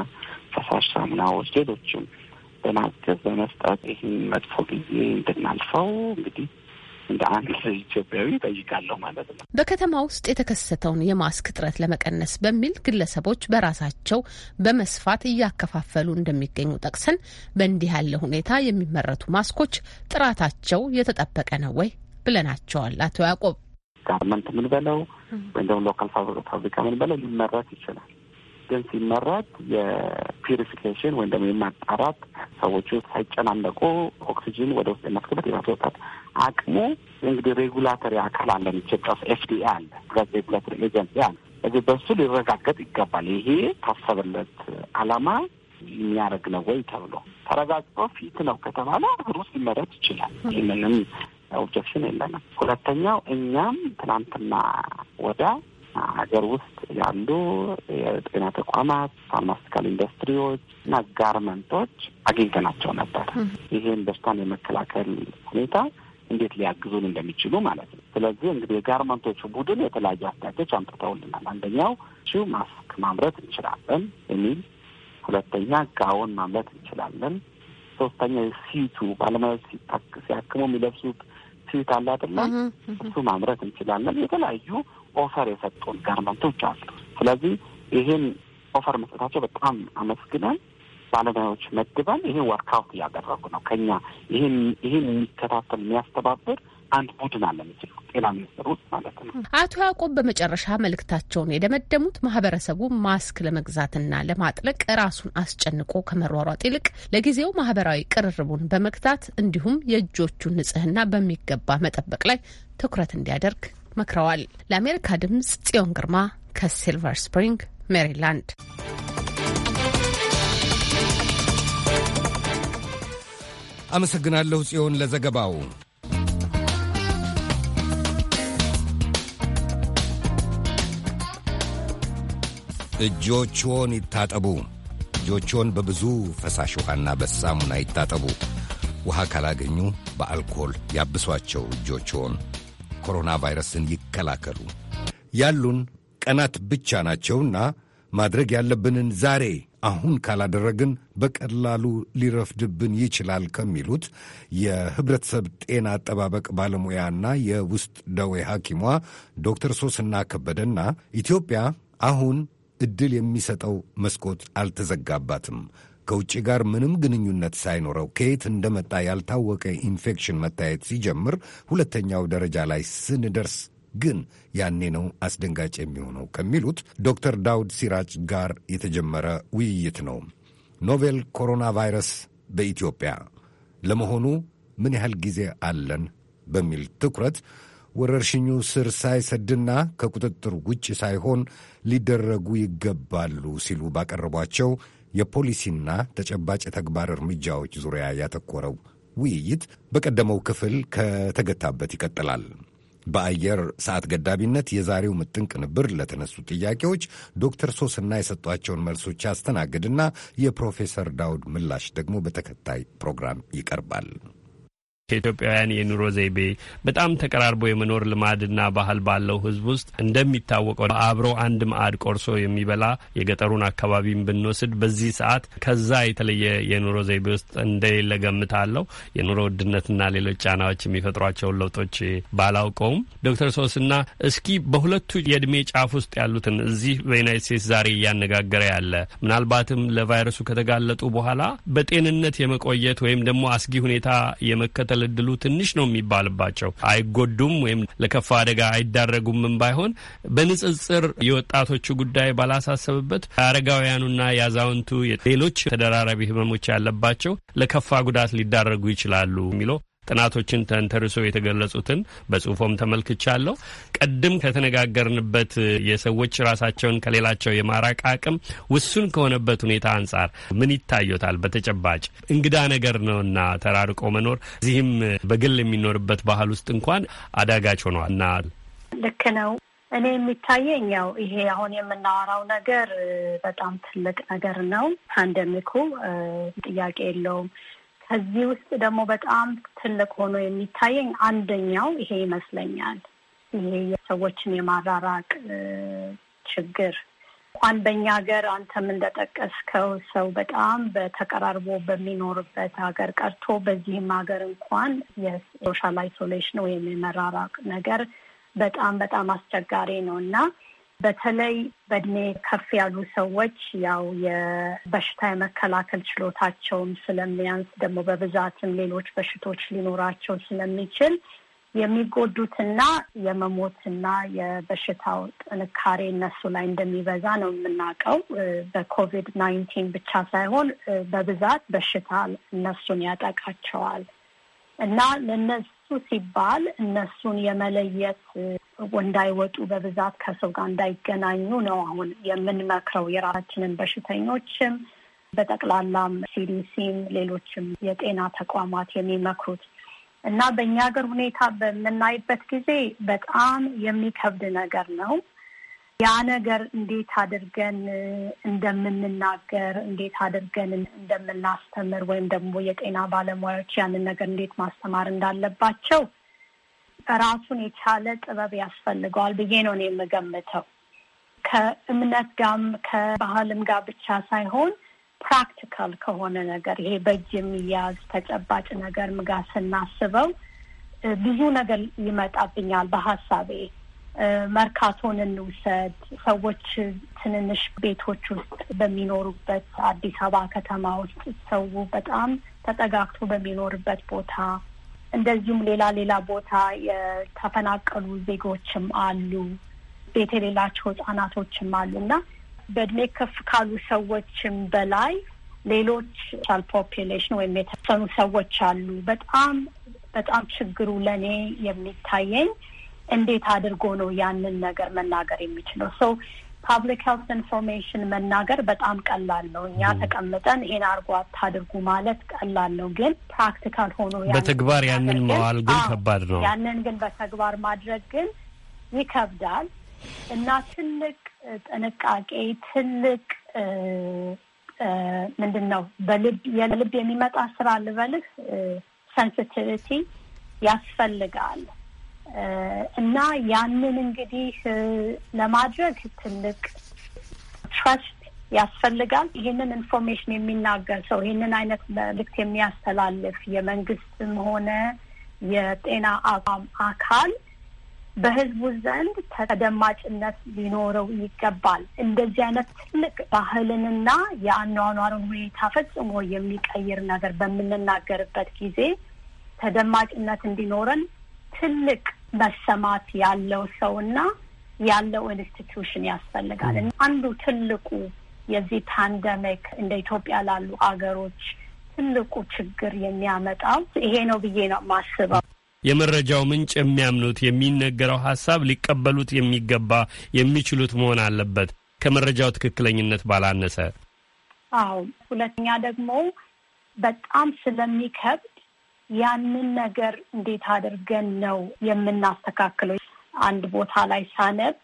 ፈሳሽ ሳሙናዎች፣ ሌሎችም በማገዝ በመስጠት ይህን መጥፎ ጊዜ እንድናልፈው እንግዲህ እንደ አንድ ኢትዮጵያዊ ጠይቃለሁ ማለት ነው። በከተማ ውስጥ የተከሰተውን የማስክ እጥረት ለመቀነስ በሚል ግለሰቦች በራሳቸው በመስፋት እያከፋፈሉ እንደሚገኙ ጠቅሰን በእንዲህ ያለ ሁኔታ የሚመረቱ ማስኮች ጥራታቸው የተጠበቀ ነው ወይ ብለናቸዋል። አቶ ያዕቆብ ጋርመንት ምን በለው ወይም ደግሞ ሎካል ፋብሪካ ምን በለው ሊመረት ይችላል ግን ሲመረት የፒሪፊኬሽን ወይም ደግሞ የማጣራት ሰዎቹ ሳይጨናነቁ ኦክሲጅን ወደ ውስጥ የማስገባት የማስወጣት አቅሙ እንግዲህ ሬጉላተሪ አካል አለ። ኢትዮጵያ ውስጥ ኤፍዲኤ አለ፣ ሬጉላተሪ ኤጀንሲ አለ። እዚህ በሱ ሊረጋገጥ ይገባል። ይሄ ታሰበለት አላማ የሚያደርግ ነው ወይ ተብሎ ተረጋግጦ ፊት ነው ከተባለ ብሩ ሊመረት ይችላል። ይህንንም ኦብጀክሽን የለንም። ሁለተኛው እኛም ትናንትና ወዳ ሀገር ውስጥ ያሉ የጤና ተቋማት፣ ፋርማስቲካል ኢንዱስትሪዎች እና ጋርመንቶች አግኝተናቸው ነበር። ይህን በሽታን የመከላከል ሁኔታ እንዴት ሊያግዙን እንደሚችሉ ማለት ነው። ስለዚህ እንግዲህ የጋርመንቶቹ ቡድን የተለያዩ አስተያየቶች አምጥተውልናል። አንደኛው ሺ ማስክ ማምረት እንችላለን የሚል፣ ሁለተኛ ጋውን ማምረት እንችላለን፣ ሶስተኛ ሲቱ ባለሙያዎች ሲታክ ሲያክሙ የሚለብሱት ስዊት አለ አይደለም? እሱ ማምረት እንችላለን። የተለያዩ ኦፈር የሰጡን ጋርመንቶች አሉ። ስለዚህ ይህን ኦፈር መስጠታቸው በጣም አመስግነን ባለሙያዎች መድበን ይህን ወርክአውት እያደረጉ ነው። ከኛ ይህን ይህን የሚከታተል የሚያስተባብር አንድ ቡድን አለ ምችሉ ጤና ሚኒስትር ውስጥ ማለት ነው። አቶ ያዕቆብ በመጨረሻ መልእክታቸውን የደመደሙት ማህበረሰቡ ማስክ ለመግዛትና ለማጥለቅ ራሱን አስጨንቆ ከመሯሯጥ ይልቅ ለጊዜው ማህበራዊ ቅርርቡን በመግታት እንዲሁም የእጆቹን ንጽህና በሚገባ መጠበቅ ላይ ትኩረት እንዲያደርግ መክረዋል። ለአሜሪካ ድምጽ ጽዮን ግርማ ከሲልቨር ስፕሪንግ ሜሪላንድ። አመሰግናለሁ ጽዮን ለዘገባው። እጆችዎን ይታጠቡ። እጆችዎን በብዙ ፈሳሽ ውሃና በሳሙና ይታጠቡ። ውሃ ካላገኙ በአልኮል ያብሷቸው እጆችዎን። ኮሮና ቫይረስን ይከላከሉ። ያሉን ቀናት ብቻ ናቸውና ማድረግ ያለብንን ዛሬ አሁን ካላደረግን በቀላሉ ሊረፍድብን ይችላል ከሚሉት የሕብረተሰብ ጤና አጠባበቅ ባለሙያና የውስጥ ደዌ ሐኪሟ ዶክተር ሶስና ከበደና ኢትዮጵያ አሁን ዕድል የሚሰጠው መስኮት አልተዘጋባትም። ከውጭ ጋር ምንም ግንኙነት ሳይኖረው ከየት እንደመጣ ያልታወቀ ኢንፌክሽን መታየት ሲጀምር ሁለተኛው ደረጃ ላይ ስንደርስ ግን ያኔ ነው አስደንጋጭ የሚሆነው ከሚሉት ዶክተር ዳውድ ሲራጅ ጋር የተጀመረ ውይይት ነው። ኖቬል ኮሮና ቫይረስ በኢትዮጵያ ለመሆኑ ምን ያህል ጊዜ አለን በሚል ትኩረት ወረርሽኙ ስር ሳይሰድና ከቁጥጥር ውጭ ሳይሆን ሊደረጉ ይገባሉ ሲሉ ባቀረቧቸው የፖሊሲና ተጨባጭ የተግባር እርምጃዎች ዙሪያ ያተኮረው ውይይት በቀደመው ክፍል ከተገታበት ይቀጥላል። በአየር ሰዓት ገዳቢነት የዛሬው ምጥን ቅንብር ለተነሱ ጥያቄዎች ዶክተር ሶስና የሰጧቸውን መልሶች ያስተናግድና የፕሮፌሰር ዳውድ ምላሽ ደግሞ በተከታይ ፕሮግራም ይቀርባል። ከኢትዮጵያውያን የኑሮ ዘይቤ በጣም ተቀራርቦ የመኖር ልማድና ባህል ባለው ሕዝብ ውስጥ እንደሚታወቀው አብሮ አንድ ማዕድ ቆርሶ የሚበላ የገጠሩን አካባቢም ብንወስድ በዚህ ሰዓት ከዛ የተለየ የኑሮ ዘይቤ ውስጥ እንደሌለ ገምታለሁ። የኑሮ ውድነትና ሌሎች ጫናዎች የሚፈጥሯቸውን ለውጦች ባላውቀውም፣ ዶክተር ሶስና እስኪ በሁለቱ የእድሜ ጫፍ ውስጥ ያሉትን እዚህ በዩናይት ስቴትስ ዛሬ እያነጋገረ ያለ ምናልባትም ለቫይረሱ ከተጋለጡ በኋላ በጤንነት የመቆየት ወይም ደግሞ አስጊ ሁኔታ የመከተል የመከላከል እድሉ ትንሽ ነው የሚባልባቸው አይጎዱም ወይም ለከፋ አደጋ አይዳረጉምም ባይሆን በንጽጽር የወጣቶቹ ጉዳይ ባላሳሰብበት አረጋውያኑና የአዛውንቱ ሌሎች ተደራራቢ ህመሞች ያለባቸው ለከፋ ጉዳት ሊዳረጉ ይችላሉ የሚለው ጥናቶችን ተንተርሶ የተገለጹትን በጽሁፎም ተመልክቻለሁ። ቀድም ከተነጋገርንበት የሰዎች ራሳቸውን ከሌላቸው የማራቅ አቅም ውሱን ከሆነበት ሁኔታ አንጻር ምን ይታዩታል? በተጨባጭ እንግዳ ነገር ነውና ተራርቆ መኖር እዚህም በግል የሚኖርበት ባህል ውስጥ እንኳን አዳጋች ሆኗል ልክ ነው። እኔ የሚታየኝ ያው ይሄ አሁን የምናወራው ነገር በጣም ትልቅ ነገር ነው። ፓንደሚኩ ጥያቄ የለውም። ከዚህ ውስጥ ደግሞ በጣም ትልቅ ሆኖ የሚታየኝ አንደኛው ይሄ ይመስለኛል። ይሄ የሰዎችን የማራራቅ ችግር እንኳን በእኛ ሀገር አንተም እንደጠቀስከው ሰው በጣም በተቀራርቦ በሚኖርበት ሀገር ቀርቶ በዚህም ሀገር እንኳን የሶሻል አይሶሌሽን ወይም የመራራቅ ነገር በጣም በጣም አስቸጋሪ ነው እና በተለይ በእድሜ ከፍ ያሉ ሰዎች ያው የበሽታ የመከላከል ችሎታቸውም ስለሚያንስ ደግሞ በብዛትም ሌሎች በሽቶች ሊኖራቸው ስለሚችል የሚጎዱትና የመሞትና የበሽታው ጥንካሬ እነሱ ላይ እንደሚበዛ ነው የምናውቀው። በኮቪድ ናይንቲን ብቻ ሳይሆን በብዛት በሽታ እነሱን ያጠቃቸዋል እና ለነዚ ሱ ሲባል እነሱን የመለየት እንዳይወጡ በብዛት ከሰው ጋር እንዳይገናኙ ነው አሁን የምንመክረው የራሳችንን በሽተኞችም በጠቅላላም ሲዲሲም ሌሎችም የጤና ተቋማት የሚመክሩት እና በእኛ ሀገር ሁኔታ በምናይበት ጊዜ በጣም የሚከብድ ነገር ነው። ያ ነገር እንዴት አድርገን እንደምንናገር እንዴት አድርገን እንደምናስተምር ወይም ደግሞ የጤና ባለሙያዎች ያንን ነገር እንዴት ማስተማር እንዳለባቸው ራሱን የቻለ ጥበብ ያስፈልገዋል ብዬ ነው እኔ የምገምተው። ከእምነት ጋም ከባህልም ጋር ብቻ ሳይሆን ፕራክቲካል ከሆነ ነገር ይሄ በእጅ የሚያዝ ተጨባጭ ነገር ምጋ ስናስበው ብዙ ነገር ይመጣብኛል በሀሳቤ መርካቶን እንውሰድ። ሰዎች ትንንሽ ቤቶች ውስጥ በሚኖሩበት አዲስ አበባ ከተማ ውስጥ ሰው በጣም ተጠጋግቶ በሚኖርበት ቦታ እንደዚሁም ሌላ ሌላ ቦታ የተፈናቀሉ ዜጎችም አሉ፣ ቤት የሌላቸው ህጻናቶችም አሉ እና በእድሜ ከፍ ካሉ ሰዎችም በላይ ሌሎች ሻል ፖፕሌሽን ወይም የተወሰኑ ሰዎች አሉ። በጣም በጣም ችግሩ ለእኔ የሚታየኝ እንዴት አድርጎ ነው ያንን ነገር መናገር የሚችለው? ሰው ፓብሊክ ሄልት ኢንፎርሜሽን መናገር በጣም ቀላል ነው። እኛ ተቀምጠን ይሄን አድርጎ አታድርጉ ማለት ቀላል ነው፣ ግን ፕራክቲካል ሆኖ በተግባር ያንን መዋል ግን ከባድ ነው። ያንን ግን በተግባር ማድረግ ግን ይከብዳል እና ትልቅ ጥንቃቄ ትልቅ ምንድን ነው የልብ የሚመጣ ስራ ልበልህ ሴንሲቲቪቲ ያስፈልጋል። እና ያንን እንግዲህ ለማድረግ ትልቅ ትረስት ያስፈልጋል። ይህንን ኢንፎርሜሽን የሚናገር ሰው ይህንን አይነት መልእክት የሚያስተላልፍ የመንግስትም ሆነ የጤና አቋም አካል በህዝቡ ዘንድ ተደማጭነት ሊኖረው ይገባል። እንደዚህ አይነት ትልቅ ባህልንና የአኗኗሩን ሁኔታ ፈጽሞ የሚቀይር ነገር በምንናገርበት ጊዜ ተደማጭነት እንዲኖረን ትልቅ መሰማት ያለው ሰውና ያለው ኢንስቲትዩሽን ያስፈልጋል። አንዱ ትልቁ የዚህ ፓንደሚክ እንደ ኢትዮጵያ ላሉ አገሮች ትልቁ ችግር የሚያመጣው ይሄ ነው ብዬ ነው ማስበው የመረጃው ምንጭ የሚያምኑት የሚነገረው ሀሳብ ሊቀበሉት የሚገባ የሚችሉት መሆን አለበት ከመረጃው ትክክለኝነት ባላነሰ። አዎ ሁለተኛ ደግሞ በጣም ስለሚከብድ ያንን ነገር እንዴት አድርገን ነው የምናስተካክለው? አንድ ቦታ ላይ ሳነብ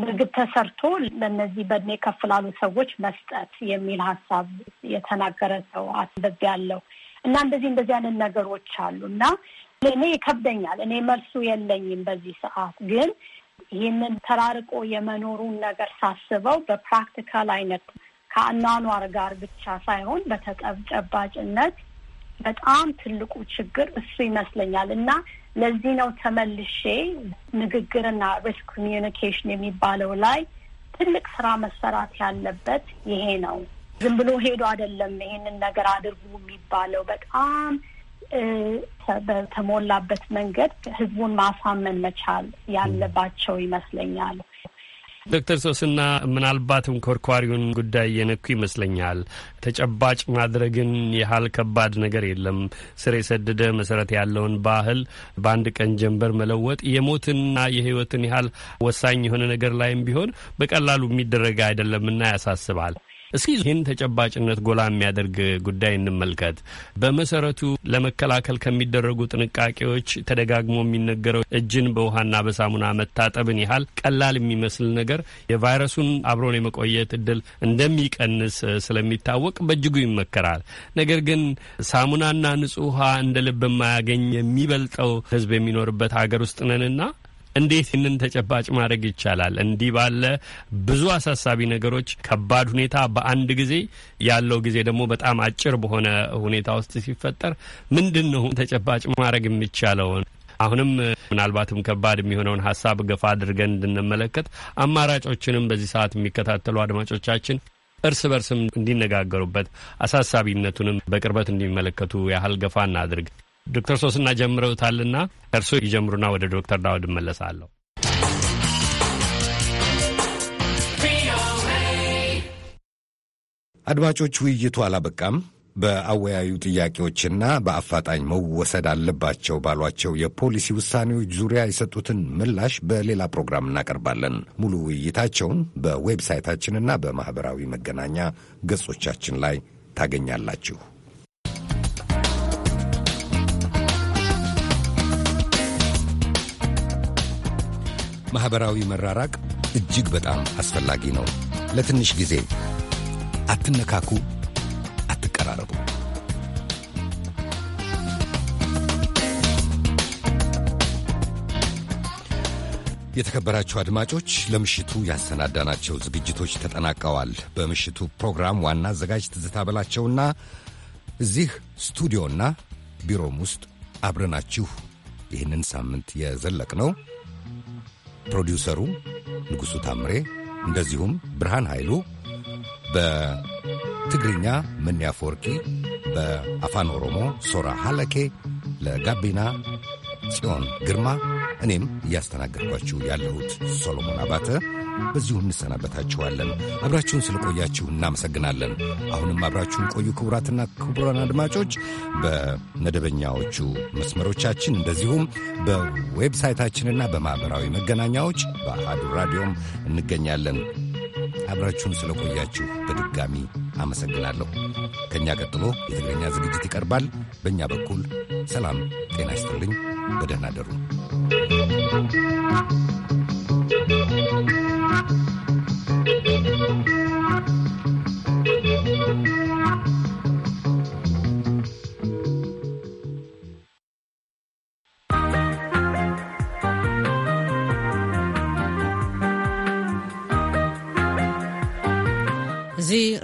ምግብ ተሰርቶ ለእነዚህ በእድሜ ከፍ ላሉ ሰዎች መስጠት የሚል ሀሳብ የተናገረ ሰው አስበብ ያለው እና እንደዚህ እንደዚህ አይነት ነገሮች አሉ እና እኔ ይከብደኛል። እኔ መልሱ የለኝም በዚህ ሰዓት ግን ይህንን ተራርቆ የመኖሩን ነገር ሳስበው በፕራክቲካል አይነት ከአኗኗር ጋር ብቻ ሳይሆን በተጨባጭነት በጣም ትልቁ ችግር እሱ ይመስለኛል እና ለዚህ ነው ተመልሼ ንግግርና ሪስክ ኮሚኒኬሽን የሚባለው ላይ ትልቅ ስራ መሰራት ያለበት ይሄ ነው። ዝም ብሎ ሄዶ አይደለም ይሄንን ነገር አድርጉ የሚባለው። በጣም በተሞላበት መንገድ ህዝቡን ማሳመን መቻል ያለባቸው ይመስለኛል። ዶክተር ሶስና ምናልባትም ኮርኳሪውን ጉዳይ የነኩ ይመስለኛል። ተጨባጭ ማድረግን ያህል ከባድ ነገር የለም። ስር የሰደደ መሰረት ያለውን ባህል በአንድ ቀን ጀንበር መለወጥ የሞትንና የህይወትን ያህል ወሳኝ የሆነ ነገር ላይም ቢሆን በቀላሉ የሚደረግ አይደለምና ያሳስባል። እስኪ ይህን ተጨባጭነት ጎላ የሚያደርግ ጉዳይ እንመልከት። በመሰረቱ ለመከላከል ከሚደረጉ ጥንቃቄዎች ተደጋግሞ የሚነገረው እጅን በውሃና በሳሙና መታጠብን ያህል ቀላል የሚመስል ነገር የቫይረሱን አብሮን የመቆየት እድል እንደሚቀንስ ስለሚታወቅ በእጅጉ ይመከራል። ነገር ግን ሳሙናና ንጹህ ውሃ እንደ ልብ የማያገኝ የሚበልጠው ህዝብ የሚኖርበት ሀገር ውስጥ ነንና እንዴት ይህንን ተጨባጭ ማድረግ ይቻላል? እንዲህ ባለ ብዙ አሳሳቢ ነገሮች ከባድ ሁኔታ በአንድ ጊዜ ያለው ጊዜ ደግሞ በጣም አጭር በሆነ ሁኔታ ውስጥ ሲፈጠር ምንድን ነው ተጨባጭ ማድረግ የሚቻለውን? አሁንም ምናልባትም ከባድ የሚሆነውን ሀሳብ ገፋ አድርገን እንድንመለከት አማራጮችንም በዚህ ሰዓት የሚከታተሉ አድማጮቻችን እርስ በርስም እንዲነጋገሩበት አሳሳቢነቱንም በቅርበት እንዲመለከቱ ያህል ገፋ እናድርግ። ዶክተር ሶስና ጀምረውታልና እርሶ ይጀምሩና ወደ ዶክተር ዳውድ እመለሳለሁ። አድማጮች ውይይቱ አላበቃም። በአወያዩ ጥያቄዎችና በአፋጣኝ መወሰድ አለባቸው ባሏቸው የፖሊሲ ውሳኔዎች ዙሪያ የሰጡትን ምላሽ በሌላ ፕሮግራም እናቀርባለን። ሙሉ ውይይታቸውን በዌብሳይታችንና በማኅበራዊ መገናኛ ገጾቻችን ላይ ታገኛላችሁ። ማኅበራዊ መራራቅ እጅግ በጣም አስፈላጊ ነው። ለትንሽ ጊዜ አትነካኩ፣ አትቀራረቡ። የተከበራችሁ አድማጮች ለምሽቱ ያሰናዳናቸው ዝግጅቶች ተጠናቀዋል። በምሽቱ ፕሮግራም ዋና አዘጋጅ ትዝታ በላቸውና እዚህ ስቱዲዮና ቢሮም ውስጥ አብረናችሁ ይህንን ሳምንት የዘለቅ ነው ፕሮዲውሰሩ ንጉሡ ታምሬ፣ እንደዚሁም ብርሃን ኃይሉ በትግርኛ ምንያፍ ወርቂ፣ በአፋን ኦሮሞ ሶራ ሀለኬ፣ ለጋቢና ጽዮን ግርማ፣ እኔም እያስተናገድኳችሁ ያለሁት ሶሎሞን አባተ በዚሁ እንሰናበታችኋለን። አብራችሁን ስለቆያችሁ እናመሰግናለን። አሁንም አብራችሁን ቆዩ። ክቡራትና ክቡራን አድማጮች በመደበኛዎቹ መስመሮቻችን እንደዚሁም በዌብሳይታችንና በማኅበራዊ መገናኛዎች በአሃዱ ራዲዮም እንገኛለን። አብራችሁን ስለቆያችሁ በድጋሚ አመሰግናለሁ። ከእኛ ቀጥሎ የትግርኛ ዝግጅት ይቀርባል። በእኛ በኩል ሰላም ጤና ይስጥልኝ። በደህና አደሩ።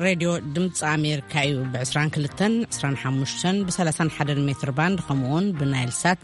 ሬድዮ ድምፂ ኣሜሪካ እዩ ብ22 25 ብ31 ሜትር ባንድ ከምኡውን ብናይል ሳት